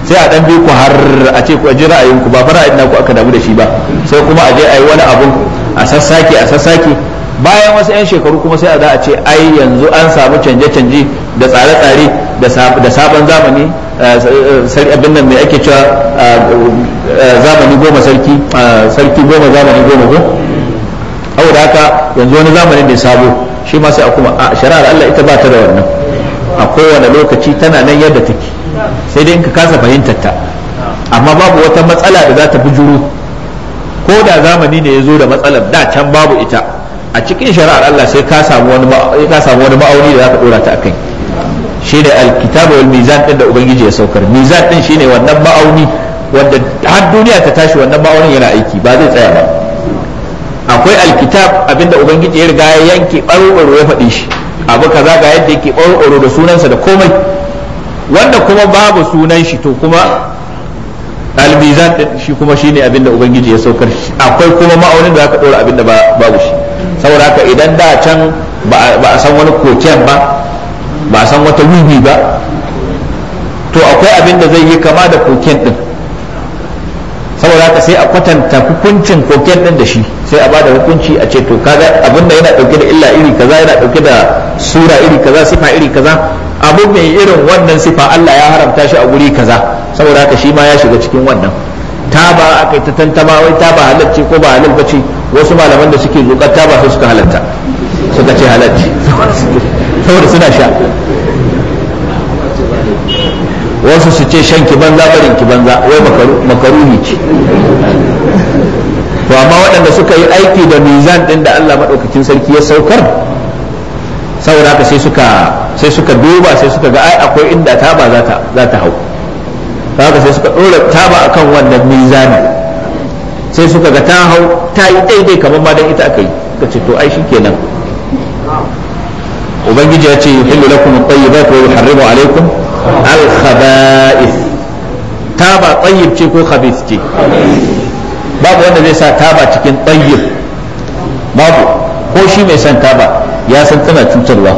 sai a ɗan bi ku har a ce ku ji ra'ayinku ba fa ra'ayin naku aka damu da shi ba sai kuma a je a yi wani abun a sassake a sassake bayan wasu 'yan shekaru kuma sai a za a ce ai yanzu an samu canje-canje da tsare-tsare da sabon zamani eh, eh, abin nan mai ake cewa eh, zamani goma sarki sarki goma zamani goma go abu da haka yanzu wani zamani ne sabo shi ma sai a kuma a shari'ar Allah ita ba ta da wannan a kowane lokaci tana nan yadda take sai dai in ka kasa fahimtar ta amma babu wata matsala da za ta juru ko da zamani ne ya zo da matsalar da can babu ita a cikin shari'ar Allah sai ka samu wani ma'auni da za ka dora ta kai. shine alkitabu wal mizan din da ubangiji ya saukar mizan din shine wannan ma'auni wanda har duniya ta tashi wannan ma'aunin yana aiki ba zai tsaya ba akwai alkitab abinda ubangiji ya riga ya yanke ɓaro ya faɗi shi abu kaza ga yadda yake ɓaro da sunansa da komai wanda kuma babu sunan shi to kuma almizan din shi kuma shine abinda ubangiji ya saukar shi akwai kuma ma'aunin da zaka dora abinda babu shi saboda haka idan da can ba a san wani koken ba ba san wata wiwi ba to akwai abin da zai yi kama da koken din saboda haka sai a kwatanta hukuncin koken din da shi sai a ba da hukunci a ce to kaga abin da yana dauke da illa iri kaza yana dauke da sura iri kaza sifa iri kaza abu mai irin wannan sifa Allah ya haramta shi a guri kaza saboda haka shi ma ya shiga cikin wannan ta ba aka yi ta tantama wai ta ba halacci ko ba halal bace wasu malaman da suke zuƙa ta ba su suka halatta suka ce halacci saboda suna sha wasu su ce shan kiban za barin kiban banza wai makaruni ce to amma waɗanda suka yi aiki da mizan ɗin da Allah maɗaukakin sarki ya saukar saboda haka sai suka sai suka duba sai suka ga ai akwai inda taba za ta za ta hau haka sai suka ɗora taba akan wannan mizani sai suka ga ta hau ta yi daidai kamar ma dan ita aka yi kace to ai shikenan ubangiji ya ce yuhillu lakum at-tayyibat wa yuharrimu alaykum al-khaba'ith taba tayyib ce ko khabith ce babu wanda zai sa taba cikin tayyib babu ko shi mai san taba ya san tana cutarwa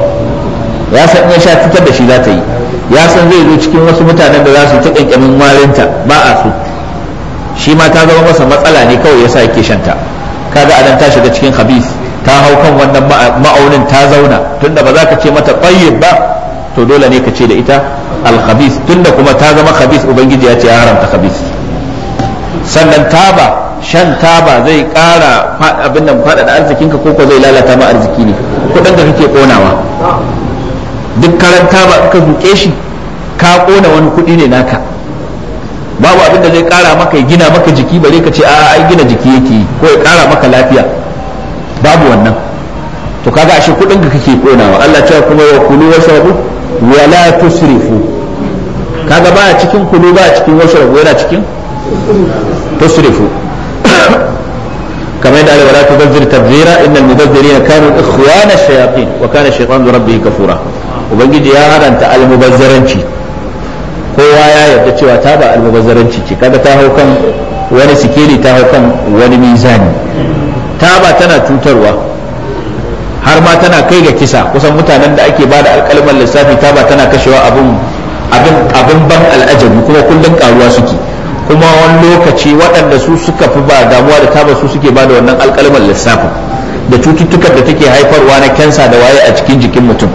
ya san in sha cutar da shi za ta yi ya san zai zo cikin wasu mutanen da za su ta kankamin warinta ba a so shi ma ta zama masa matsala ne kawai yasa yake shanta kaga anan ta shiga cikin khabith ta hau kan wannan ma'aunin ta zauna tunda ba za ka ce mata tayyib ba to dole ne ka ce da ita alkhabis tunda kuma ta zama khabis ubangiji ya ce ya haramta khabis sannan taba shan taba zai kara abin nan faɗaɗa arzikinka ko ko zai lalata ma arziki ne kuɗin da kake konawa duk karan taba ka buke shi ka kona wani kuɗi ne naka babu abin da zai kara maka gina maka jiki bare ka ce a'a ai gina jiki yake ko ya kara maka lafiya babu wannan to kaga ashe kudin ka kake konawa Allah cewa kuma wa kulu washrabu wa la tusrifu kaga ba cikin kulu ba cikin washrabu yana cikin tusrifu كما يدعى ولا تبذر تبذيرا ان المبذرين كانوا اخوان الشياطين وكان الشيطان بربه كفورا ubangiji ya haranta almubazzaranci kowa ya yarda cewa ta ba almubazzaranci ce kaga ta hau kan wani sikeli ta kan wani mizani taba tana cutarwa har ma tana kai ga kisa kusan mutanen da ake bada alƙalman lissafi taba tana kashewa abin abin abin ban al'ajabi kuma kullun karuwa suke kuma wani lokaci waɗanda su suka fi ba damuwa da taba su suke bada wannan alƙalman lissafi da cututtukan da take haifarwa na kansa da waye a cikin jikin mutum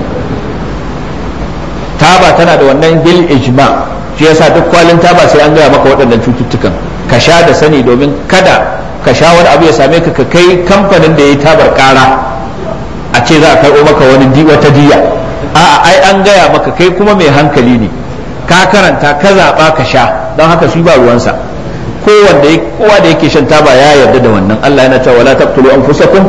taba tana da wannan bil ijma shi yasa duk kwalin taba sai an gaya maka waɗannan cututtukan ka sha da sani domin kada ka wani abu ya same ka ka kai kamfanin da ya yi tabar kara a ce za a karɓo maka wani wata diya a'a ai an gaya maka kai kuma mai hankali ne ka karanta ka zaɓa ka sha don haka su ba ruwansa kowanne kowa da yake shan taba ya yarda da wannan Allah yana cewa la taqtulu anfusakum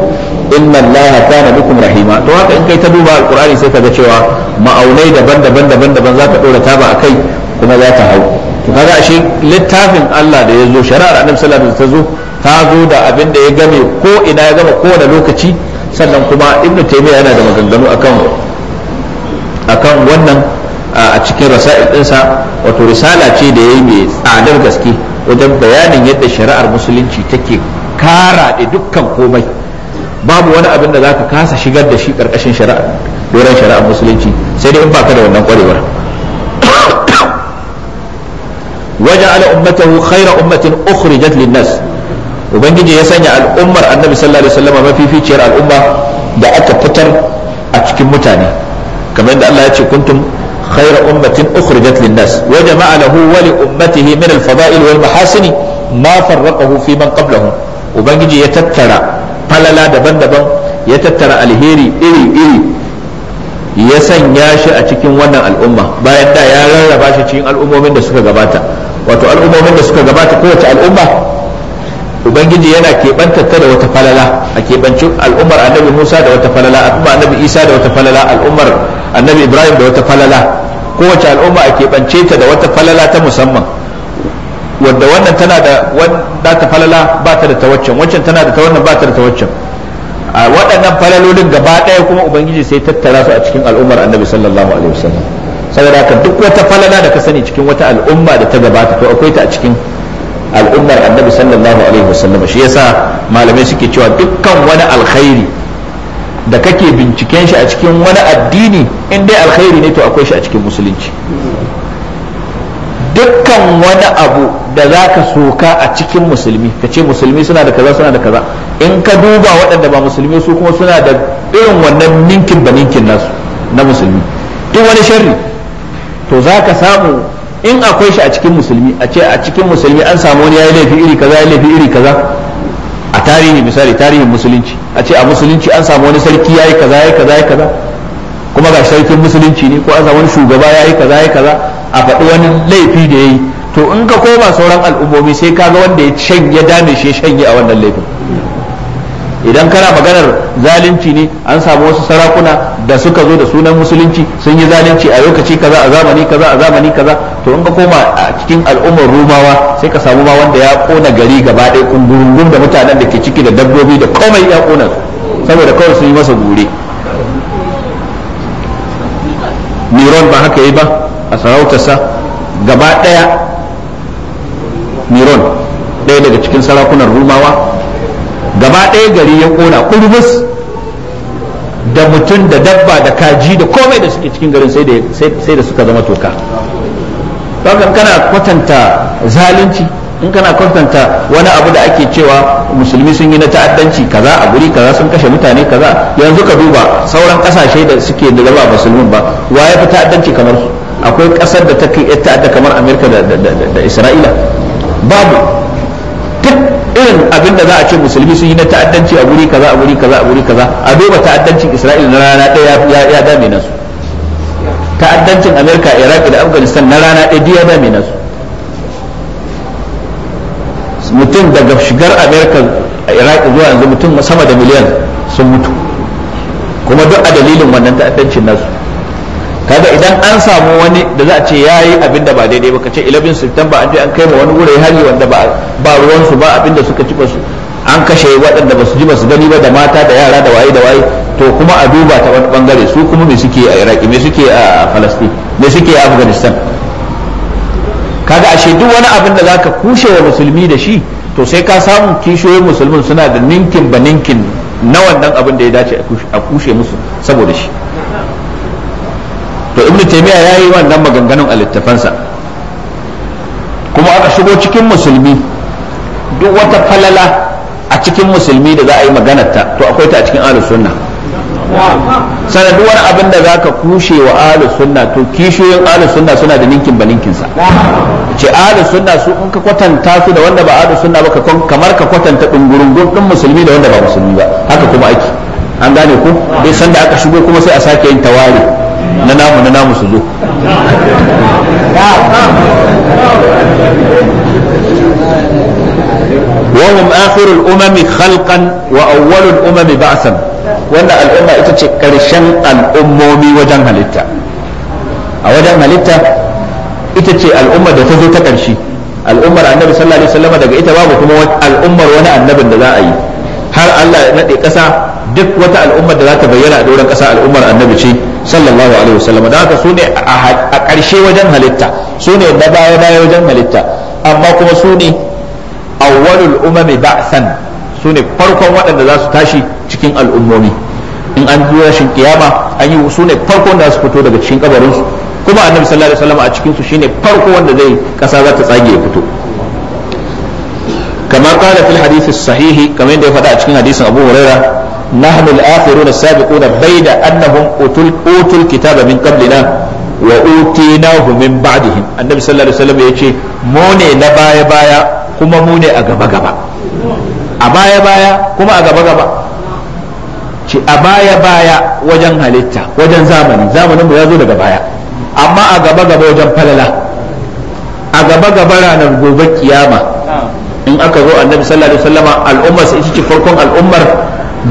inna allaha kana bikum rahima to haka in kai ta duba alqur'ani sai ka ga cewa ma'aunai daban-daban daban-daban za ka dora taba akai kuma za ta hau to kaga ashe littafin Allah da ya zo shari'ar Annabi sallallahu alaihi wasallam ta zo ta zo da abin da ya game ko ina ya gama kowane lokaci sannan kuma ibnu taymiya yana da maganganu akan akan wannan a cikin rasa'il ɗinsa wato risala ce da yayi mai tsadar gaske wajen bayanin yadda shari'ar musulunci take kara da dukkan komai babu wani abin da zaka kasa shigar da shi karkashin shari'a doron shari'ar musulunci sai dai in baka da wannan kwarewar وجعل أمته خير أمة أخرجت للناس ubangiji ya sanya al'ummar annabi sallallahu alaihi wasallam mafificiyar al'umma da aka fitar a cikin mutane kamar yadda Allah ya ce kuntum khayra ummatin ukhrijat lin-nas wa jama'a lahu wa li ummatihi min al-fada'il wal mahasin ma farraqahu fi man qablahum ubangiji ya tattara falala daban-daban ya tattara alheri iri-iri ya sanya shi a cikin wannan al'umma bayan da ya rarraba shi cikin al'ummomin da suka gabata wato al'ummomin da suka gabata kowace al'umma ubangiji yana keɓanta ta da wata falala a keɓancin al'ummar annabi musa da wata falala al'ummar annabi isa da wata falala al'ummar annabi ibrahim da wata falala kowace al'umma a keɓance ta da wata falala ta musamman wadda wannan tana da wadda ta falala ba ta da ta waccan waccan tana da ta wannan ba ta da ta waccan a waɗannan falalolin gaba ɗaya kuma ubangiji sai tattara su a cikin al'ummar annabi sallallahu alaihi wasallam saboda haka duk wata falala da ka sani cikin wata al'umma da ta gabata to akwai ta a cikin al'ummar annabi sallallahu alaihi wasallam shi yasa malamai suke cewa dukkan wani alkhairi da kake binciken shi a cikin wani addini in dai alkhairi ne to akwai shi a cikin musulunci dukkan wani abu da za ka soka a cikin musulmi ka ce musulmi suna da kaza suna da kaza in ka duba waɗanda ba musulmi su kuma suna da irin wannan ninkin ba ninkin nasu na musulmi duk wani sharri to za ka samu in akwai shi a cikin musulmi a ce a cikin musulmi an samu wani yayi laifi iri kaza yayi laifi iri kaza a tarihi misali tarihin musulunci a ce a musulunci an samu wani sarki yayi kaza yayi kaza yayi kaza kuma ga sarkin musulunci ne ko an samu wani shugaba yayi kaza yayi kaza a faɗi wani laifi da yayi to in ka koma sauran al'ummomi sai ka ga wanda ya shanye dame shi shanye a wannan laifin idan kana maganar zalunci ne an samu wasu sarakuna da suka zo da sunan musulunci sun yi zalunci a lokaci kaza a zamani kaza a zamani kaza to in ka koma a cikin al'ummar rumawa sai ka samu ma wanda ya kona gari gaba ɗaya kungurungun da mutanen da ke ciki da dabbobi da komai ya kona saboda kawai sun yi masa gure Miron ba haka yi ba a sarautarsa gaba ɗaya Miron ɗaya daga cikin sarakunan rumawa gaba ɗaya gari ya ƙona kurbus da mutum da dabba da kaji da komai da suke cikin garin sai da suka zama toka don kana kwatanta zalunci in kana kwatanta wani abu da ake cewa musulmi sun yi na ta'addanci kaza a guri kaza sun kashe mutane kaza yanzu ka duba sauran kasashe da suke da raba musulmin ba wa ya fi ta'addanci kamar su akwai kasar da ta kai ta'adda kamar amerika da isra'ila babu wannan abin da za a ce musulmi sun yi na ta'addanci a guri kaza a guri kaza a guri kaza a duba ta'addancin Isra'il na rana ɗaya ya dame nasu ta'addancin Amerika Iraq da Afghanistan na rana ɗaya ya dame nasu mutum daga shigar Amerika Iraq zuwa yanzu mutum sama da miliyan sun mutu kuma duk a dalilin wannan ta'addancin nasu kaga idan an samu wani da za a ce yayi abin da ba daidai ba ce 11 September an je an kai ma wani wuri hari wanda ba ruwansu ruwan su ba abin da suka ci su an kashe waɗanda ba su ji ba su gani ba da mata da yara da waye da waye to kuma a duba ta wani bangare su kuma me suke a iraq me suke a Palestine me suke a Afghanistan kaga ashe duk wani abin da zaka kushe wa musulmi da shi to sai ka samu kishiyoyin musulmin suna da ninkin ba ninkin na wannan abin da ya dace a kushe musu saboda shi to ibnu taymiya yayi wannan maganganun a littafansa kuma aka shigo cikin musulmi duk wata falala a cikin musulmi da za a yi ta to akwai ta a cikin ahlus sunna wani abin da zaka kushe wa ahlus sunna to kishiyoyin ahlus sunna suna da ninkin balinkin sa ce ahlus sunna su in ka kwatanta su da wanda ba ahlus sunna ba kamar ka kwatanta dungurun din musulmi da wanda ba musulmi ba haka kuma ake an gane ko bai sanda aka shigo kuma sai a sake yin tawari na namu na namu su zo wahum akhiru umami khalqan wa awwalu al-umami ita ce karshen al'ummomi wajen halitta a wajen halitta ita ce al'umma da ta zo ta karshe al'ummar annabi sallallahu alaihi wasallam daga ita babu kuma al'ummar wani annabin da za yi har Allah ya nade kasa duk wata al'ummar da za ta bayyana a doron kasa al'ummar annabi ce sallallahu alaihi wasallam da haka su ne a ƙarshe wajen halitta su ne na baya baya wajen halitta amma kuma su ne awwalul umami ba'san su ne farkon waɗanda za su tashi cikin al'ummomi in an zo rashin kiyama an yi su ne farkon da su fito daga cikin kabarin su kuma annabi sallallahu alaihi wasallam a cikin su shine farko wanda zai kasa za ta tsage ya fito kama qala fil hadith sahihi kamar yadda ya faɗa a cikin hadisin Abu Hurairah نحن الآخرون السابقون as أنهم أوتوا الكتاب من قبلنا وأوتيناه min بعدهم النبي صلى min عليه annabi يقول موني نبايا بايا mu ne na baya baya kuma mu ne a gaba gaba a baya baya kuma a gaba gaba ci a baya baya wajen halitta wajen zamani zamanin mu ya zo daga baya amma a gaba gaba wajen falala a gaba gaba ranar gobe kiyama in aka zo annabi sallallahu alaihi wasallama al'ummar sai ita farkon al'ummar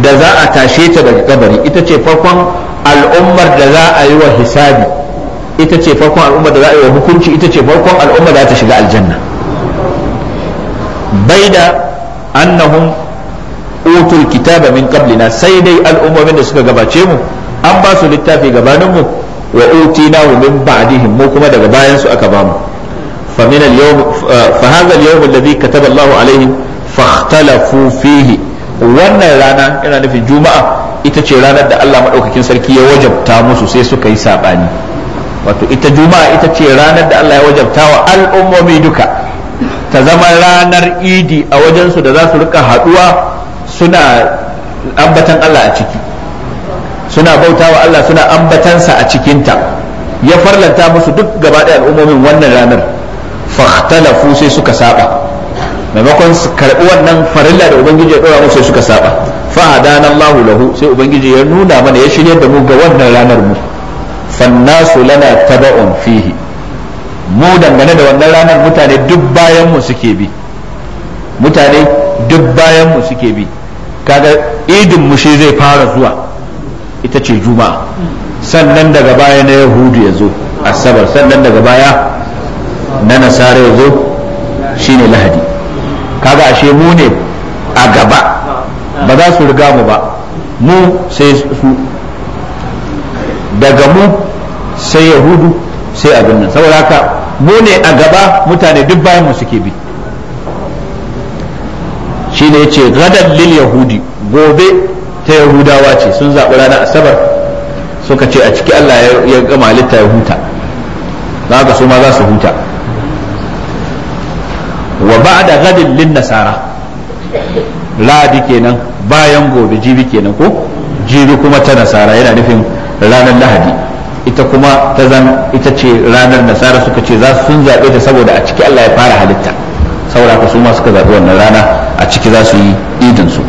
da za a tashe ta daga kabari ita ce farkon al'ummar da za a yi wa hisabi ita ce farkon al'ummar da za a yi wa hukunci ita ce farkon al'ummar da za ta shiga aljanna bai da annahum utul kitaba min qablina sai dai al'ummomin da suka gabace mu an ba su littafi gabanin mu wa utina min ba'dihim mu kuma daga bayan su aka ba mu fa min al-yawm fa hadha al-yawm alladhi kataba Allahu fihi wannan rana yana nufin juma'a ita ce ranar da Allah maɗaukakin sarki ya wajabta musu sai suka yi saɓani wato ita juma'a ita ce ranar da Allah ya wajabta wa al'ummomi duka ta zama ranar idi a wajensu da za su rika haɗuwa suna ambatan Allah a ciki suna bauta wa Allah suna ambatansa a cikinta ya farlanta musu duk gaba ɗaya al'ummomin wannan ranar fahtalafu sai suka saba maimakon su karɓi wannan farilla da ubangiji ya ɗora musu suka saba fa hadana Allahu lahu sai ubangiji ya nuna mana ya shirya da mu ga wannan ranar mu fannasu lana taba'un fihi mu dangane da wannan ranar mutane duk bayan mu suke bi mutane duk bayan mu suke bi kaga idin mu shi zai fara zuwa ita ce juma'a sannan daga baya na yahudu ya zo asabar sannan daga baya na nasara ya zo shine lahadi kaga ashe mu ne a gaba ba za su riga mu ba mu sai su daga mu sai yahudu sai abin nan saboda haka mu ne a gaba mutane duk bayan mu suke bi shi ne ce gadar lil yahudi gobe ta yahudawa ce sun zaɓi ranar asabar suka ce a ciki allah ya gama halitta ya huta za ka su ma za su huta wa da gadin lin nasara ladi kenan bayan gobe jibi kenan ko jibi kuma ta nasara yana nufin ranar lahadi ita kuma ta zan ita ce ranar nasara suka ce za sun zaɓe ta saboda a ciki Allah ya fara halitta saboda ka su ma suka zaɓi wannan rana a ciki za su yi idin su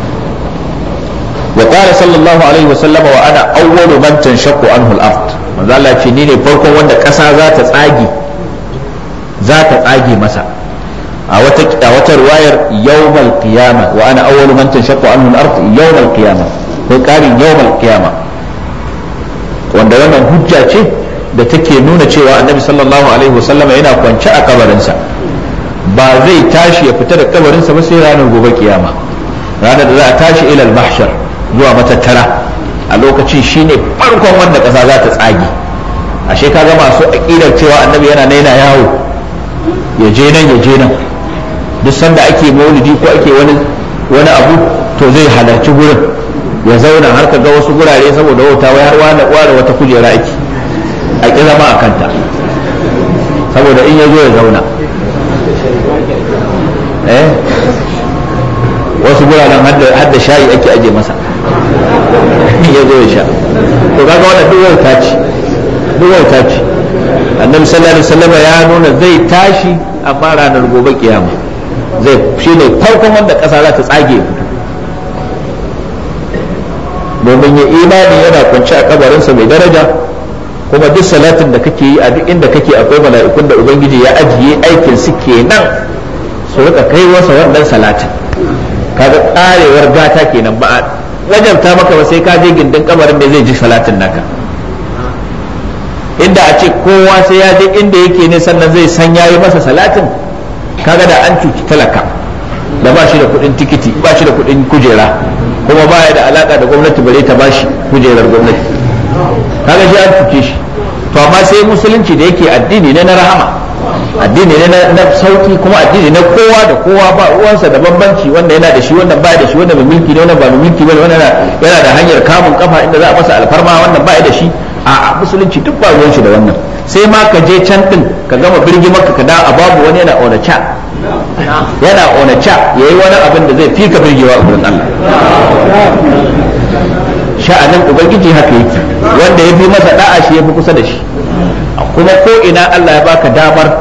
wa qala sallallahu alaihi wa sallama wa ana awwalu man tanshaqqu anhu al-ard manzo Allah ce ni ne farkon wanda ƙasa za ta tsage za ta tsage masa a wata ruwayar yawmal qiyama wa ana awwalu man tanshaqqa anhu al-ard yawmal qiyama ko karin yawmal qiyama wanda wannan hujja ce da take nuna cewa annabi sallallahu alaihi wasallam yana kwance a kabarinsa ba zai tashi ya fita da kabarinsa ba sai ranar gobe kiyama ranar da za a tashi ilal mahshar zuwa matattara a lokacin shine farkon wanda ƙasa za ta tsage ashe kaga masu aƙidar cewa annabi yana naina yawo ya je nan ya je nan duk sanda ake maulidi ko ake wani wani abu to zai halarci gurin ya zauna har ka ga wasu gurare saboda wauta wai har wani ware wata kujera ake a ƙi zama a kanta saboda in ya zo ya zauna eh wasu guraren hadda shayi ake aje masa in ya zo ya sha to kaga wannan duk wauta ce duk wauta ce annabi sallallahu alaihi wasallam ya nuna zai tashi a ranar gobe kiyama zai shi ne farkon wanda ƙasa za ta tsage domin ya imani yana kwanci a kabarinsa mai daraja kuma duk salatin da kake yi a duk inda kake akwai mala'ikun da ubangiji ya ajiye aikin su kenan su rika kai wasa wannan salatin kaga karewar gata kenan ba wajabta maka ba sai ka je gindin kabarin da zai ji salatin naka inda a ce kowa sai ya je inda yake ne sannan zai san yayi masa salatin kaga da an cuci talaka da ba shi da kuɗin tikiti ba shi da kudin kujera kuma ba ya da alaka da gwamnati bare ta ba shi kujerar gwamnati kaga shi an cuce shi to amma sai musulunci da yake addini ne na rahama addini ne na sauki kuma addini na kowa da kowa ba uwansa da bambanci wanda yana da shi wanda ba da shi wanda mai mulki ne wanda ba mai mulki bane wanda yana da hanyar kamun kafa inda za a masa alfarma wanda ba da shi a musulunci duk ba ruwan shi da wannan sai ma ka je can din ka gama birgi maka ka da a babu wani yana onacha yana onacha yayi wani abin da zai fika birgewa a gurin Allah sha'anin ubangiji haka yake wanda ya fi masa da'a shi ya fi kusa da shi kuma ko ina Allah ya baka damar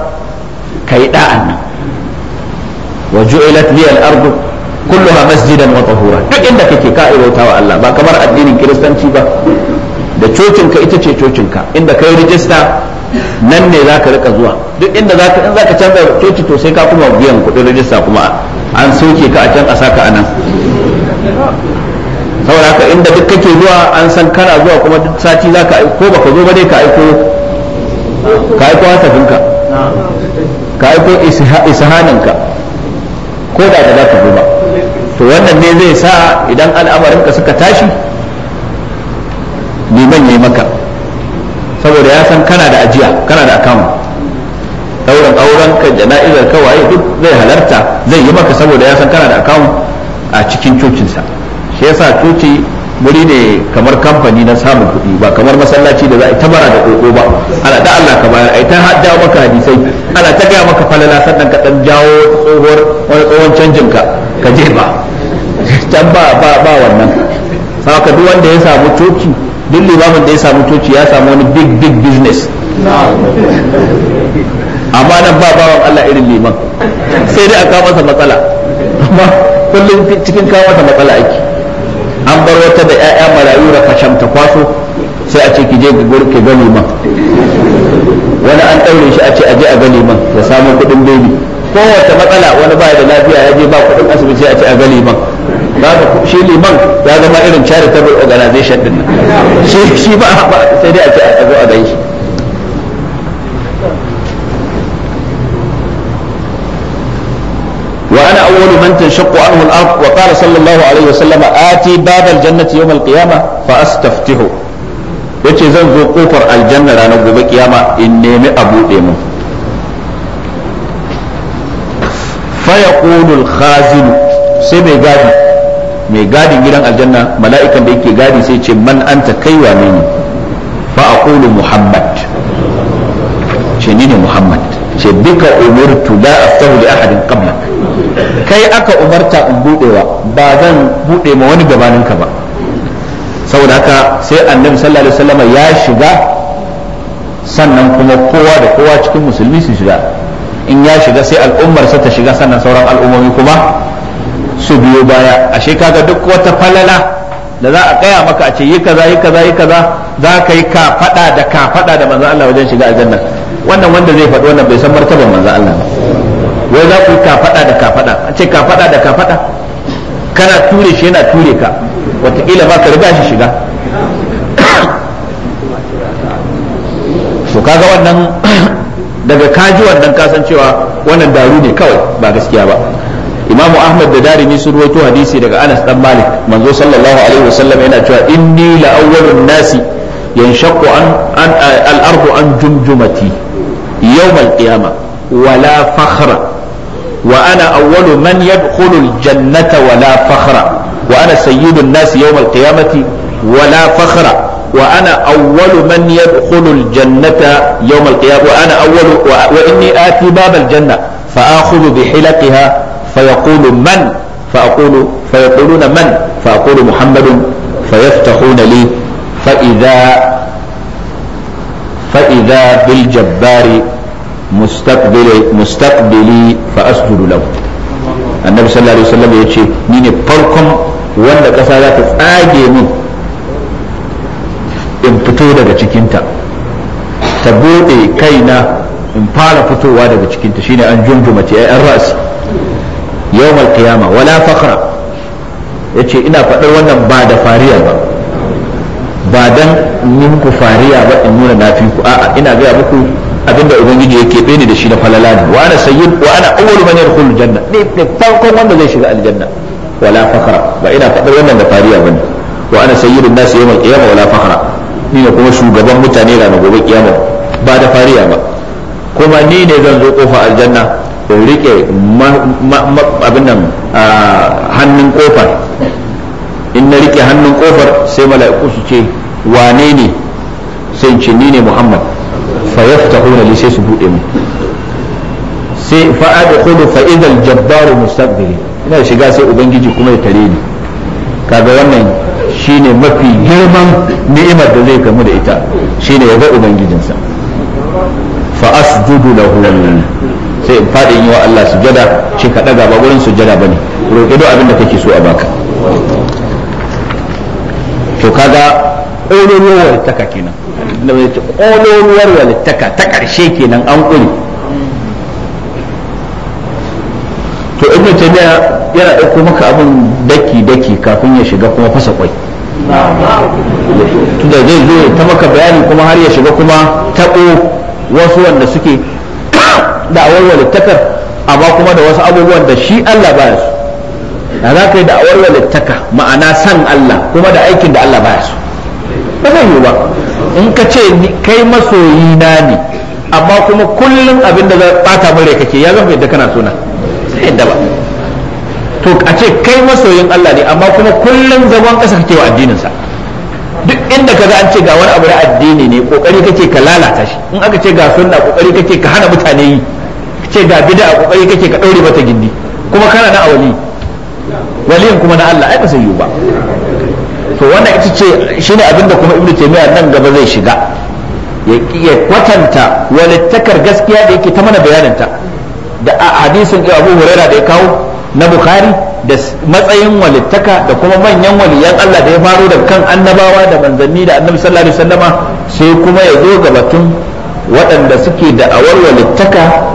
ka yi da'an nan wa ju'ilat li al-ardu kulluha masjidan wa tahura duk inda kake ka irota wa Allah ba kamar addinin kiristanci ba da cocinka ita ce cocinka inda kai rijista nan ne za ka rika zuwa duk inda ka in ka canza coci to sai ka kuma biyan kuɗin rajista kuma an soke ka a can a saka a nan saboda haka inda duk kake zuwa an san kana zuwa kuma duk sati ka ko baka zo ba dai ka aiko ka aiko hasafinka ka aiko isahaninka ko da ka za ka zo ba to wannan ne zai sa idan al'amarinka suka tashi liman manya maka saboda ya san kana da ajiya kana da account dauran auren ka jana'izar kawaye duk zai halarta zai yi maka saboda ya san kana da account a cikin cocinsa shi yasa coci wuri ne kamar kamfani na samun kuɗi ba kamar masallaci da za a yi tabara da ƙoƙo ba ana da Allah ka bayar ai ta jawo maka hadisai ana ta gaya maka falala sannan ka dan jawo tsohuwar wani tsohon canjin ka ka je ba can ba ba wannan saka duk wanda ya samu coci duk limamin da ya samu toci ya samu wani big big business amma nan ba bawan Allah irin liman sai dai a kawo masa matsala amma kullum cikin kawo masa matsala ake an bar wata da 'ya'ya marayu da fasham ta kwaso sai a ce ki je ki ga liman wani an ɗaure shi a ce a je a ga liman ya samu kuɗin bebi kowace matsala wani ba da lafiya ya je ba kuɗin asibiti a ce a ga liman zama shi liman ya zama irin charitable organization din nan shi ba sai dai a ce a zo a وأنا أول من تنشق عنه الأرض وقال صلى الله عليه وسلم آتي باب الجنة يوم القيامة فأستفتحه وشي زن قفر الجنة لا نقوم بقيامة إني أبو إيمو فيقول الخازن سيبي قادم mai gadin gidan aljanna mala'ikan da yake gadi sai ce man anta kai wa ne fa aqulu muhammad ce ni ne muhammad ce duka umirtu la aftahu li ahadin qablak kai aka umarta in budewa ba zan bude ma wani gabanin ka ba saboda haka sai annabi sallallahu alaihi ya shiga sannan kuma kowa da kowa cikin musulmi su shiga in ya shiga sai al'ummar sa ta shiga sannan sauran al'ummomi kuma su biyo baya ashe kaga duk wata falala da za a kaya maka a ce yi kaza yi kaza yi kaza za ka yi ka fada da ka fada da manzo Allah wajen shiga aljanna wannan wanda zai faɗi wannan bai san martaban manzo Allah ba wai za ku yi ka fada da ka fada a ce ka fada da ka fada kana ture shi yana ture ka wataƙila ba ka riga shi shiga to kaga wannan daga kaji wannan kasancewa wannan daru ne kawai ba gaskiya ba imamu ahmad da darimi sun ruwaito hadisi daga anas dan malik manzo sallallahu alaihi wasallam yana cewa inni la awwalun nasi yanshaqu an an an jumjumati yawm al wala fakhra wa ana awwalu man yadkhulu jannata wala fakhra wa ana sayyidun nasi yawm al-qiyamati wala fakhra وأنا أول من يدخل الجنة يوم القيامة وأنا أول وإني آتي باب الجنة فآخذ بحلقها فيقول من فأقول فيقولون من فأقول محمد فيفتحون لي فإذا فإذا بالجبار مستقبل مستقبلي فأسجد له النبي صلى الله عليه وسلم يقول نيني فرقم wanda ƙasa za ta tsage min in fito daga cikinta ta buɗe kaina in fara fitowa daga cikinta shine an junjuma ce ai an ra'asi yawmal qiyama wala fakhra yace ina faɗar wannan ba da fariya ba ba dan muku fariya ba in nuna na fi ku a'a ina gaya muku abinda ubangiji yake bani da shi na falala ne wa ana sayyid wa ana awwalu man yadkhulu janna ne farkon wanda zai shiga aljanna wala fakhra ba ina faɗar wannan da fariya bane wa ana sayyidun nas yawmal qiyama wala fakhra ni ne kuma shugaban mutane ranar gobe kiyama ba da fariya ba kuma ni ne zan zo kofa aljanna rike abin nan hannun kofar in na rike hannun kofar sai mala'iku su ce wane ne sai ce ni ne muhammad fa yaftahuna li sai su bude mu sai fa adkhulu fa jabbaru mustaqbili ina shiga sai ubangiji kuma ya tare ni kaga wannan shine mafi girman ni'imar da zai kamu da ita shine ya ga ubangijinsa fa asjudu lahu sai in faɗin yi wa Allah sujada shi ka ɗaga ba gurin sujada ba ne roƙi duk abin da kake so a baka to kaga ƙololuwar littaka kenan da mai ce ƙololuwar littaka ta ƙarshe kenan an ƙuri to ibnu taymiya yana ɗauko maka abin daki daki kafin ya shiga kuma fasa kwai tunda zai zo ta maka bayani kuma har ya shiga kuma taɓo wasu wanda suke da'awar walittakar amma kuma da wasu abubuwan da shi Allah baya su da za ka yi da'awar walittaka ma'ana san Allah kuma da aikin da Allah baya su ba zai yiwu ba in ka ce kai masoyi na ne amma kuma kullum abin da bata mun rai kake ya zama yadda kana suna sai yadda ba to a ce kai masoyin Allah ne amma kuma kullum zaman ƙasa kake wa addininsa. duk inda ka ga an ce ga wani abu da addini ne kokari kake ka lalata shi in aka ce ga sunna kokari kake ka hana mutane yi ce ga bid'a kokari kake ka daure mata gindi kuma kana na awali waliyan kuma na Allah ai ba sai ba to wannan ita ce shine abin da kuma ibnu taymiya nan gaba zai shiga ya kwatanta walittakar gaskiya da yake ta mana bayaninta da a hadisin Abu Hurairah da ya kawo na Bukhari da matsayin walittaka da kuma manyan waliyan Allah da ya faro da kan annabawa da manzanni da annabi sallallahu alaihi wasallama sai kuma ya zo ga batun waɗanda suke da awar walittaka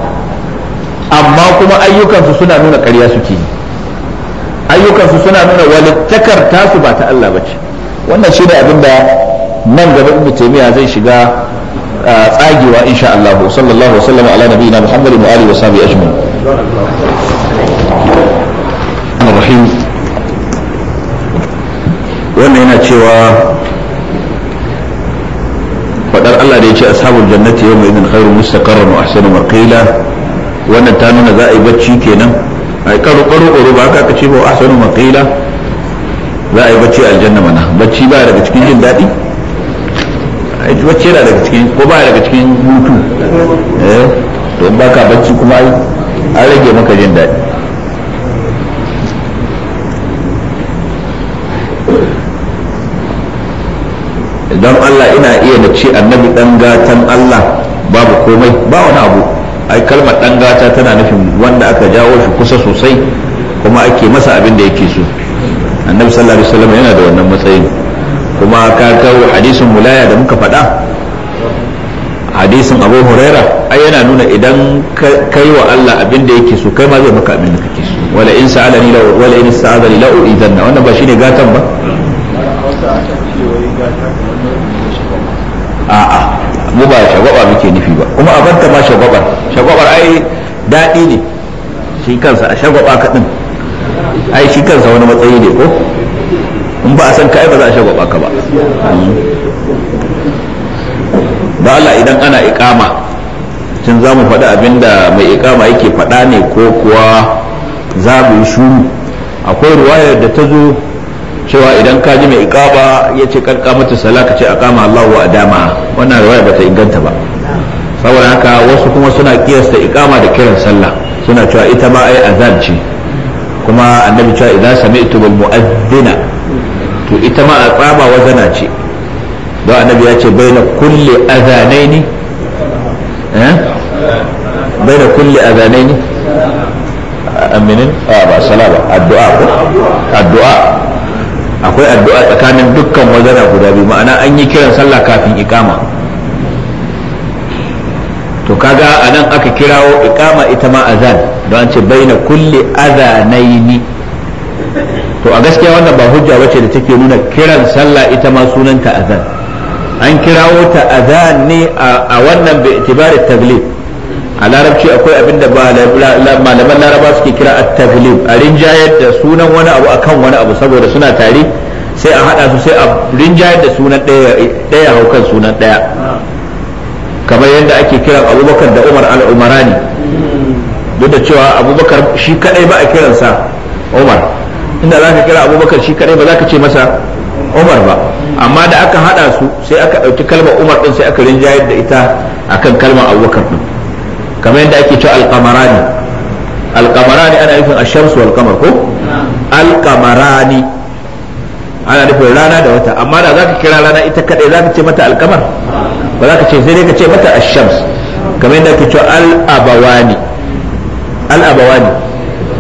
amma kuma ayyukansu suna nuna ƙarya suke yi ayyukansu suna nuna walittakar tasu ba ta Allah bace wannan shi shine abin da nan gaba ibnu taymiya zai shiga tsagewa insha Allah sallallahu alaihi wasallam ala nabiyina Muhammad wa alihi wa sahbihi ajma'in rahim wannan yana cewa fadar Allah da yace ashabul jannati yawma idin khairun mustaqarran wa ahsanu maqila wannan ta nuna za a yi bacci kenan a karo karo karo ba haka ce ba sanu maqila za a yi bacci aljanna mana bacci ba daga cikin jin daɗi ai bacci yana daga cikin ko ba daga cikin hutu eh to ba ka bacci kuma a rage maka jin daɗi don Allah ina iya na ce annabi dan gatan Allah babu komai ba wani abu ai kalmar dan gata tana nufin wanda aka jawo shi kusa sosai kuma ake masa abin da yake so annabi sallallahu alaihi wasallam yana da wannan matsayin kuma ka kawo hadisin mulaya da muka faɗa hadisin abu huraira ai yana nuna idan kai wa Allah abin da yake so kai ma zai maka abin da kake so wala in ni la wala in sa'alani la idan wannan ba shine gatan ba a'a ba shagwaba muke nufi ba kuma a banta ma shagwabar shagwabar ai daɗi ne shi kansa a shagwaba kaɗin ai shi kansa wani matsayi ne ko in ba a san kai ba za a shagwaba ka ba ba Allah idan ana iƙama tun za mu faɗi abinda mai iƙama yake faɗa ne ko kuwa za mu yi shuru akwai ruwayar da ta zo cewa idan ka ji mai iqaba ya ce karka mata sala ka ce aqama Allahu a dama. wannan riwaya bata inganta ba saboda haka wasu kuma suna kiyasta iqama da kiran sallah suna cewa ita ma ai azan ce kuma annabi cewa idan sami'tu bil mu'adhdhina to ita ma aqama wazana ce don annabi ya ce baina kulli adhanaini eh baina kulli adhanaini aminin a ah, ba sala ba addu'a ko addu'a akwai addu'a tsakanin dukkan wazana guda biyu ma'ana an yi kiran sallah kafin ikama to kaga anan aka kirawo ikama ita ma azan don an ce baina kulli azanaini to a gaskiya wannan ba hujja bace da take nuna kiran sallah ita ma sunanta azan an kirawo ta azan ne a wannan bi itibari taglib a larabci akwai abin da malaman laraba suke kira at-taglib a rinjayar da sunan wani abu akan wani abu saboda suna tare sai a hada su sai a rinjayar da sunan daya haukan sunan daya kamar yadda ake kiran abubakar da umar al-umarani duk da cewa abubakar shi kadai ba a kiransa umar inda za ka kira abubakar shi kadai ba za ka ce masa umar ba amma da aka hada su sai aka ɗauki kalmar umar ɗin sai aka rinjayar da ita akan kalmar abubakar ɗin. kamar yadda ake cewa alkamarani alkamarani ana nufin a shams alkamar ko alkamarani ana nufin rana da wata amma da za ka kira rana ita kadai za ka ce mata alkamar ba za ka ce sai dai ka ce mata a shams kamar yadda ake cewa al'abawani al'abawani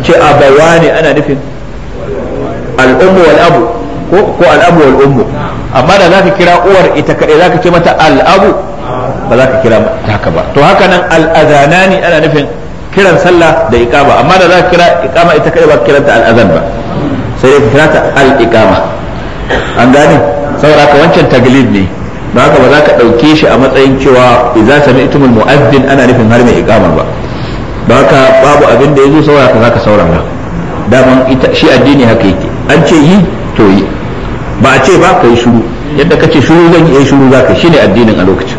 ce abawani ana nufin al'ummu ummu wal abu ko al'abu abu wal ummu amma da za ka kira uwar ita kadai za ka ce mata al'abu? abu ba za ka kira ta haka ba to haka nan al'azanani ana nufin kiran sallah da iqama amma da za ka kira iqama ita kai ba kiranta al'azan ba sai ka kira ta al'iqama an gane saboda ka wancan taglib ne ba haka ba za ka ɗauke shi a matsayin cewa idza sami'tumul mu'addin ana nufin har mai iqama ba ba haka babu abin da ya zo sauraka za ka saurara daman ita shi addini haka yake an ce yi to yi ba a ce ba ka yi shuru yadda ka ce shuru zan yi shuru za ka shi ne addinin a lokacin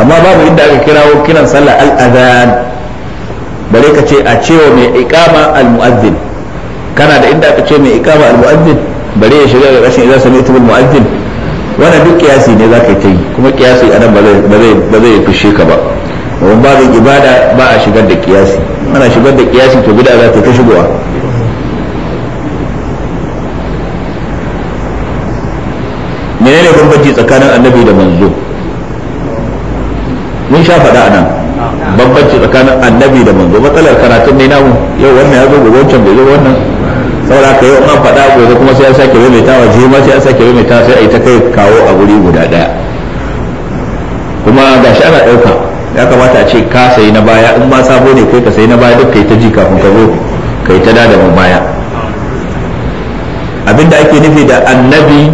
amma babu inda aka kirawo kiran sallah al-adhan bare ka ce a cewa mai iqama al-mu'adhdhin kana da inda aka ce mai iqama al-mu'adhdhin bare ya shiga ga rashin idan sami ita al-mu'adhdhin wannan duk kiyasi ne zaka ta yi kuma kiyasi a nan ba zai ba zai fishe ka ba domin babu ibada ba a shigar da kiyasi ana shigar da kiyasi to bid'a za ta shigowa menene bambanci tsakanin annabi da manzo mun sha faɗa anan bambanci tsakanin annabi da manzo matsalar karatun ne namu yau wannan ya zo gobe wancan bai zo wannan saboda ka yi an faɗa gobe kuma sai ya sake maimaitawa jima sai ya sake maimaitawa sai a ta kai kawo a guri guda ɗaya kuma gashi ana ɗauka ya kamata a ce ka sayi na baya in ma sabo ne kai ka sayi na baya duk kai ta ji kafin ka zo kai ta da da mu baya abinda ake nufi da annabi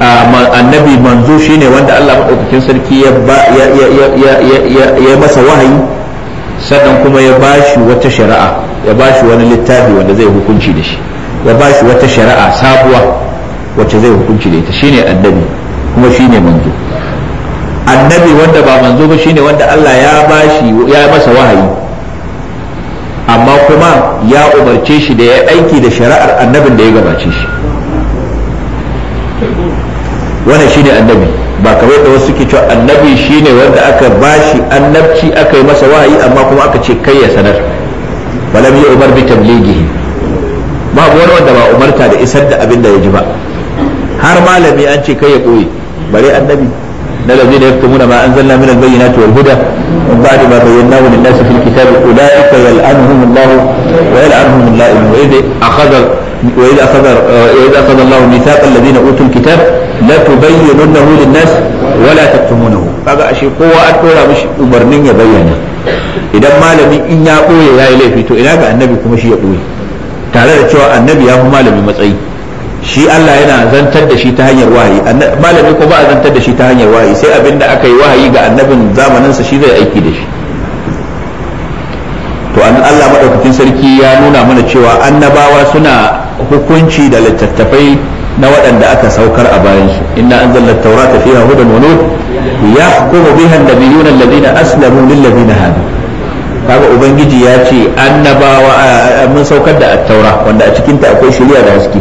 annabi manzo shine wanda Allah maɗaukakin sarki ya masa wahayi sannan kuma ya bashi wata shari'a ya bashi wani littafi wanda zai hukunci da shi ya bashi wata shari'a sabuwa wacce zai hukunci da ita shine annabi kuma shine manzo annabi wanda ba manzo ba shine wanda Allah ya bashi ya masa wahayi amma kuma ya umarce shi da ya aiki da shari'ar annabin da ya gabace shi wannan shine annabi ba kamar da wasu ke cewa annabi shine wanda aka bashi annabci aka yi masa wahayi amma kuma aka ce kai ya sanar balam ya umar bi tablighi ba wani wanda ba umarta da isar da abin da ya ji ba har malami an ce kai ya koyi bare annabi na lazina yaktumuna ma anzalna min al-bayyinati wal huda min ba'di ma bayyanahu lin-nasi fil kitabi ulaika yal'anuhum Allah wa yal'anuhum al-la'in wa idh akhadha وإذا أخذ وإذا أخذ الله ميثاق الذين أوتوا الكتاب لتبيننه للناس ولا تكتمونه kaga ashe kowa an dora mishi umarnin ya bayyana idan malami in ya ɓoye ya yi laifi to ina ga annabi kuma shi ya ɓoye tare da cewa annabi ya fi malami matsayi shi Allah yana zantar da shi ta hanyar wahayi malami ko ba a zantar da shi ta hanyar wahayi sai abin da aka yi wahayi ga annabin zamaninsa shi zai aiki da shi to an Allah madaukakin sarki ya nuna mana cewa annabawa suna hukunci da littattafai na waɗanda aka saukar a bayan su inna anzalna tawrata fiha hudan wa nur yahkumu biha an-nabiyuna alladhina aslamu lilladhina hadu kaga ubangiji ya ce annabawa mun saukar da at-taura wanda a cikin ta akwai shari'a da haske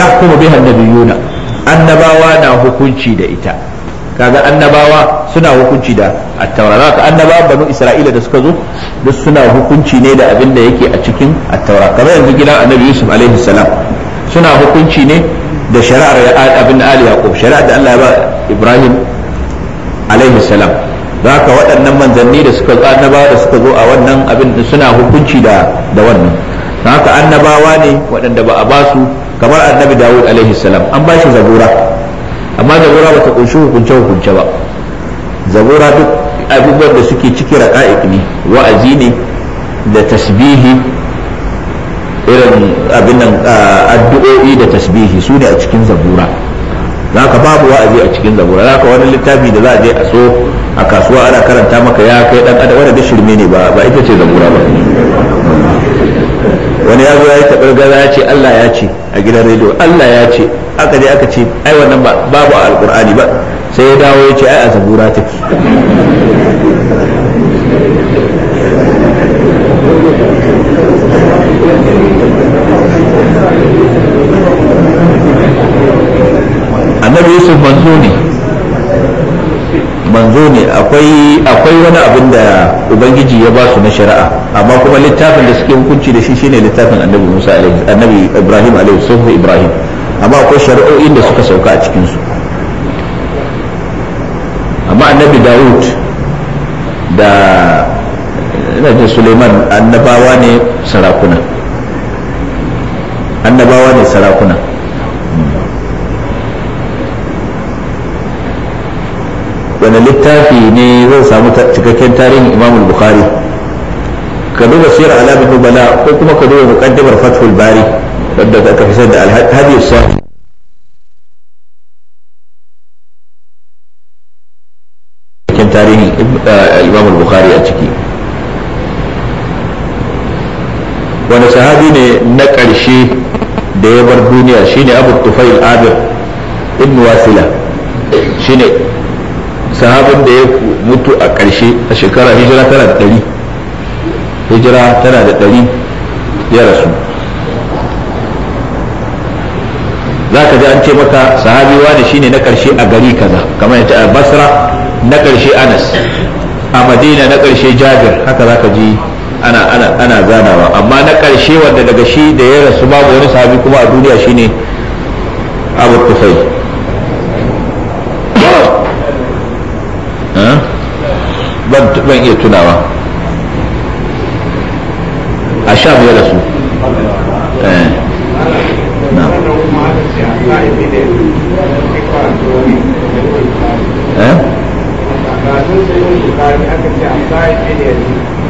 yahkumu biha nabiyuna annabawa na hukunci da ita kaga annabawa suna hukunci da attaura za ka annabawa banu isra'ila da suka zo duk suna hukunci ne da abin da yake a cikin attaura kamar yanzu gidan annabi yusuf alaihi salam suna hukunci ne da shari'ar abin da ali yaqub shari'ar da Allah ya ba ibrahim alaihi salam za ka waɗannan manzanni da suka zo annabawa da suka zo a wannan abin suna hukunci da da wannan haka annabawa ne waɗanda ba a ba su kamar annabi dawud alaihi salam an ba shi zabura amma zabura ba ta kunshi hukunce hukunce ba zabura duk abubuwan da suke ciki raqa'iq ne wa'azi ne da tasbihi irin abin nan addu'o'i da tasbihi su ne a cikin zabura za ka babu wa'azi a cikin zabura za ka wani littafi da za a je a so a kasuwa ana karanta maka ya kai dan adam wanda duk shirme ne ba ita ce zabura ba wani ya zo ya yi taɓar gaza ya ce Allah ya ce a gidan rediyo Allah ya ce aka je aka ce ai wannan ba babu alqur'ani ba sai ya dawo ya ce ai a zabura take annabi yusuf manzo ne manzo ne akwai wani abin da ubangiji ya ba su na shari'a amma kuma littafin da suke hukunci da shi shine littafin annabi Musa annabi Ibrahim alaihi sallallahu Ibrahim amma akwai shari'o'in da suka sauka a cikin su amma annabi Dawud da ina Suleiman annabawa ne sarakuna annabawa ne sarakuna wani littafi ne zan samu cikakken tarihin imam bukhari ka duba siyar alamin nubala ko kuma ka duba muqaddimar fathul bari wadda aka fi da alhadi sa'i cikin tarihin eh, imam bukhari a ciki wani sahabi ne na ƙarshe da ya bar duniya shine abu tufail abir ibn wasila shine sahabin da ya mutu a ƙarshe a shekara hijira tana da ɗari hijira tana da ɗari ya rasu za ka ji an ce maka sahabi wani shine na ƙarshe a gari kaza kamar ya a basra na ƙarshe anas a madina na ƙarshe jabir haka za ka ji ana ana ana zanawa amma na ƙarshe wanda daga shi da ya rasu babu wani sahabi kuma a duniya shine abu tufai ban iya tunawa a sha sham da su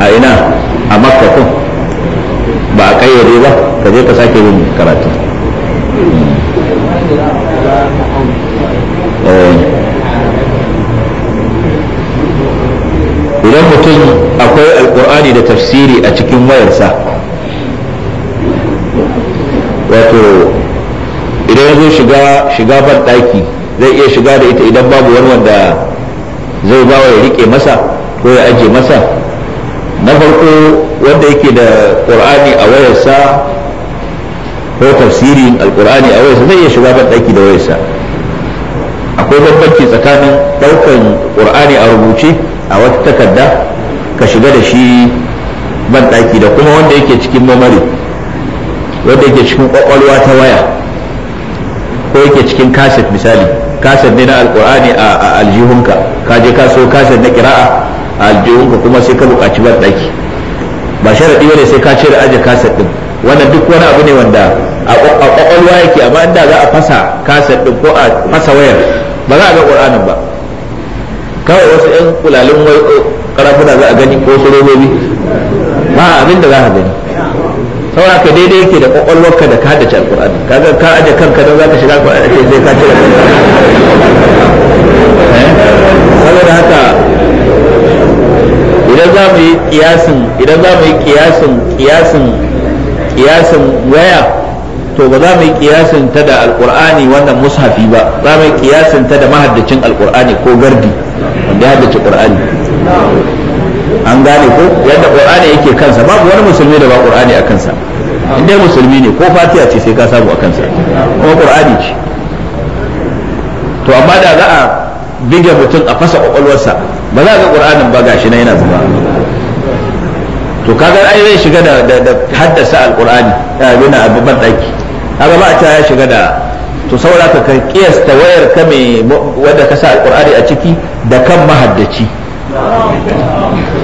a ina a makka ko ba a kayyade ba ka je ka sake yin karatu eh. idan mutum akwai alkur'ani da tafsiri a cikin wayarsa wato idan ya zo shiga ban ɗaki zai iya shiga da ita idan babu wani wanda zai bawa ya rike masa ko ya aje masa na farko wanda yake da ƙur'ani a wayarsa ko tafsirin alƙur'ani a wayarsa zai iya shiga ban ɗaki da wayarsa akwai bambanci tsakanin ɗaukan ƙur'ani a rubuce a wata takarda ka shiga da shi ban daki da kuma wanda yake cikin mamari wanda yake cikin kwakwalwa ta waya ko yake cikin kaset misali kaset ne na alkur'ani a aljihunka ka je ka kaset na kira'a a aljihunka kuma sai ka buƙaci ban daki ba sharaɗi bane sai ka ce da aje kaset ɗin wannan duk wani abu ne wanda a kwakwalwa yake amma inda za a fasa kaset ɗin ko a fasa wayar ba za a ga ƙur'anin ba kawai wasu yan kulalin wai karafuna za a gani ko su robobi ba abin da za a gani saboda ka daidai yake da ka da ka haddace alkur'ani kaga ka aje kanka don za ka shiga alkur'ani ake zai ka cire eh? saboda haka idan za mu yi kiyasin idan za mu yi kiyasin kiyasin kiyasin waya to ba za mu yi kiyasin ta da alkur'ani wannan mushafi ba za mu yi kiyasin ta da mahaddacin alkur'ani ko gardi ya haddace an gane ko yadda qur'ani yake kansa babu wani musulmi da ba qur'ani a kansa in dai musulmi ne ko fatiha ce sai ka samu a kansa kuma qur'ani ce to amma da za a bige mutum a fasa kwakwalwarsa ba za a ga qur'anin ba gashi na yana zuba to kaga ai zai shiga da haddasa alqur'ani ya yana babban daki kaga ba a ta ya shiga da to saboda ka kan kiyasta wayar ka mai wanda ka sa alqur'ani a ciki da kan mahaddaci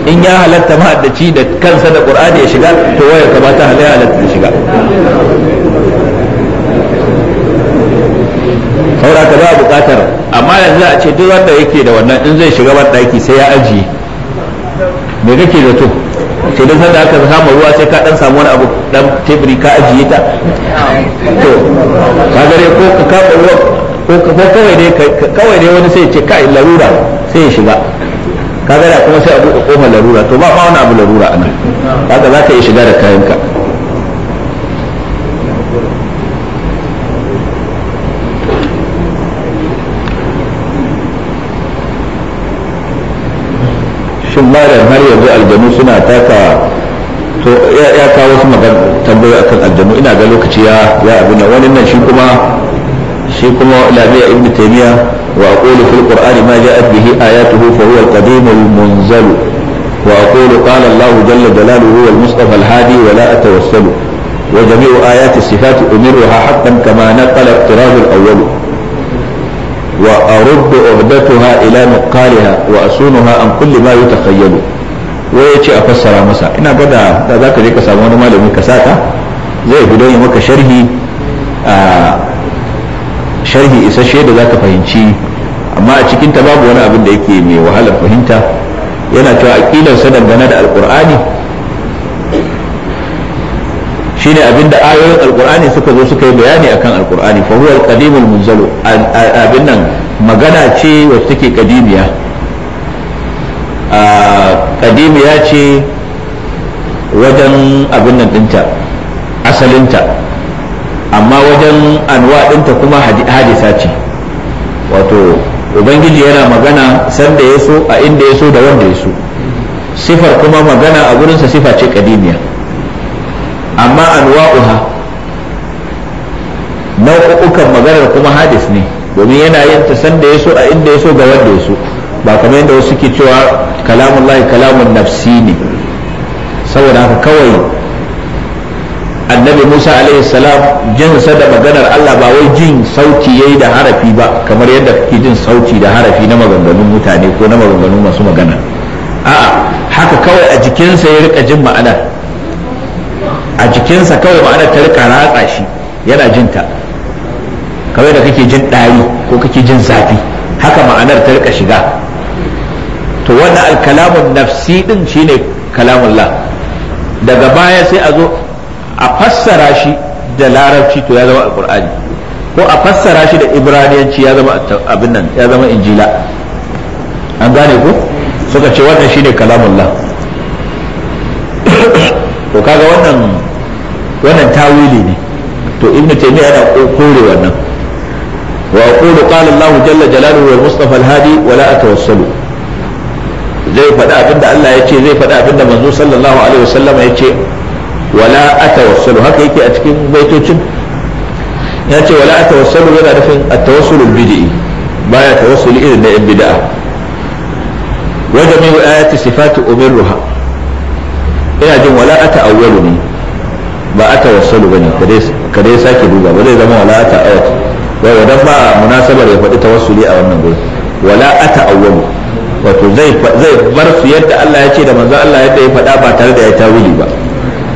in ya halatta mahaddaci da kansa da qur'ani ya shiga to wayar ka ba ta halatta ya shiga saboda ka ba bukatar amma yanzu a ce duk wanda yake da wannan in zai shiga ban daki sai ya ajiye me kake zato to duk sanda aka samu ruwa sai ka dan samu wani abu dan teburi ka ajiye ta to ka gare ko ka kawo ruwa ko ka ko kawai ne kawai ne wani sai ya ce kai larura sai ya shiga ka gare kuma sai abu ka koma larura to ba ma wani abu larura anan haka zaka yi shiga da kayanka shin malam har yanzu aljanu suna taka to ya kawo wasu tambayoyi akan aljanu ina ga lokaci ya ya abu na wani nan shi kuma shi kuma labiya ibn taymiya wa aqulu fil qur'ani ma ja'at bihi ayatuhu fa huwa al-qadim al-munzal wa aqulu qala Allah jalla jalaluhu wal mustafa al-hadi wa la atawassalu وجميع آيات الصفات أمرها حقا كما نقل الأول وأرد عهدتها إلى نقالها وأصونها عن كل ما يتخيل ويأتي أفسر مسا إن بدا ذاك ذيك سامون ما لم كساتا زي بدون مك شرحي آه sharhi isasshe da zaka fahimci amma a cikin ta babu wani abin da yake mai wahalar fahimta yana cewa aqidan sa dangane da alqur'ani shine abinda ayoyin alqur'ani suka zo suka yi bayani akan alqur'ani fa huwa alqadimul munzalo. abin nan magana ce wacce take kadimiya kadimiya ah, ce wajen abin nan dinta asalinta amma wajen anwa dinta kuma hadisa ce wato ubangiji yana magana sanda ya so a inda ya so da wanda ya so sifar kuma magana a gurinsa sifa ce kadimiya amma anwa'uha nau'ukan maganar kuma hadis ne domin yana yin ta sanda ya so a inda ya so ga wanda ya so ba kamar yadda wasu ke cewa kalamun lahi kalamun nafsi ne saboda haka kawai annabi musa alaihi salam jinsa da maganar allah ba wai jin sauti yayi da harafi ba kamar yadda kake jin sauti da harafi na maganganun mutane ko na maganganun masu magana a'a haka kawai a jikinsa ya rika jin ma'anar a jikinsa kawai ma'ana ta rika ratsa shi yana jinta kawai da kake jin ɗari ko kake jin zafi haka ma'anar ta rika shiga to wannan alkalamun nafsi din shine kalamullah daga baya sai a zo a fassara shi da larabci to ya zama alkur'ani ko a fassara shi da ibraniyanci ya zama abin nan ya zama injila an gane ko suka ce wannan shine kalamullah to kaga wannan wannan tawili ne to ibnu taymiya yana kore wannan wa aqulu qala allah jalla jalaluhu wal mustafa al hadi wa la atawassalu zai faɗi abinda Allah ya ce zai faɗi abinda manzo sallallahu alaihi wasallam ya ce wala atawassalu haka yake a cikin baitocin ya ce wala atawassalu yana nufin at-tawassul bid'i baya tawassuli irin na yan bid'a wa jami'u ayati sifati umirruha ina jin wala ata awwalu ne ba ata wasalu bane ka dai sake duba ba zai zama wala ata awwat wai wadan ba munasabar ya faɗi tawassuli a wannan gurin wala ata awwalu wato zai zai bar su yadda Allah ya ce da manzo Allah yadda ya faɗa ba tare da ya tawili ba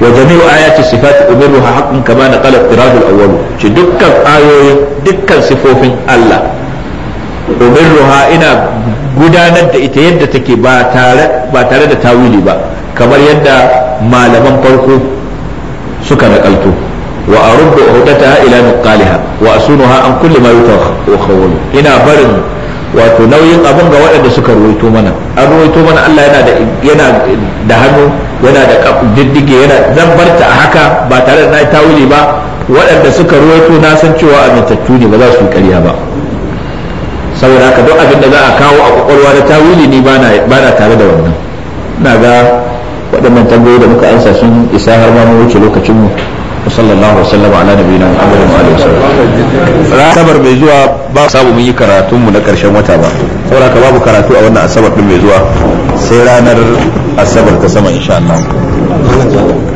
wa jami'u ayati sifati ubiruha haqqan kama naqala al-tirad al-awwal ce dukkan ayoyin dukkan sifofin Allah domin ruha ina gudanar da ita yadda take ba tare da tawili ba kamar yadda malaman farko suka nakalto wa aruddu hudata ila nuqaliha wa asunuha an kulli ma yutawakhawalu ina barin wato nauyin abin ga waɗanda suka ruwaito mana an ruwaito mana Allah yana da yana da hannu yana da diddige yana zan barta a haka ba tare da na tawili ba waɗanda suka ruwaito na san cewa amintattu ne ba za su yi ƙarya ba saboda haka duk abin da za a kawo a kwakwalwa na tawili ni ba na tare da wannan ina ga waɗannan tambayoyi da muka ansa sun isa har ma mu wuce lokacin mu sallallahu wasallam ala nabiyina muhammadin wa alihi wasallam asabar mai zuwa ba samu mun yi karatun mu na karshen wata ba saboda haka babu karatu a wannan asabar din mai zuwa sai ranar asabar ta sama insha Allah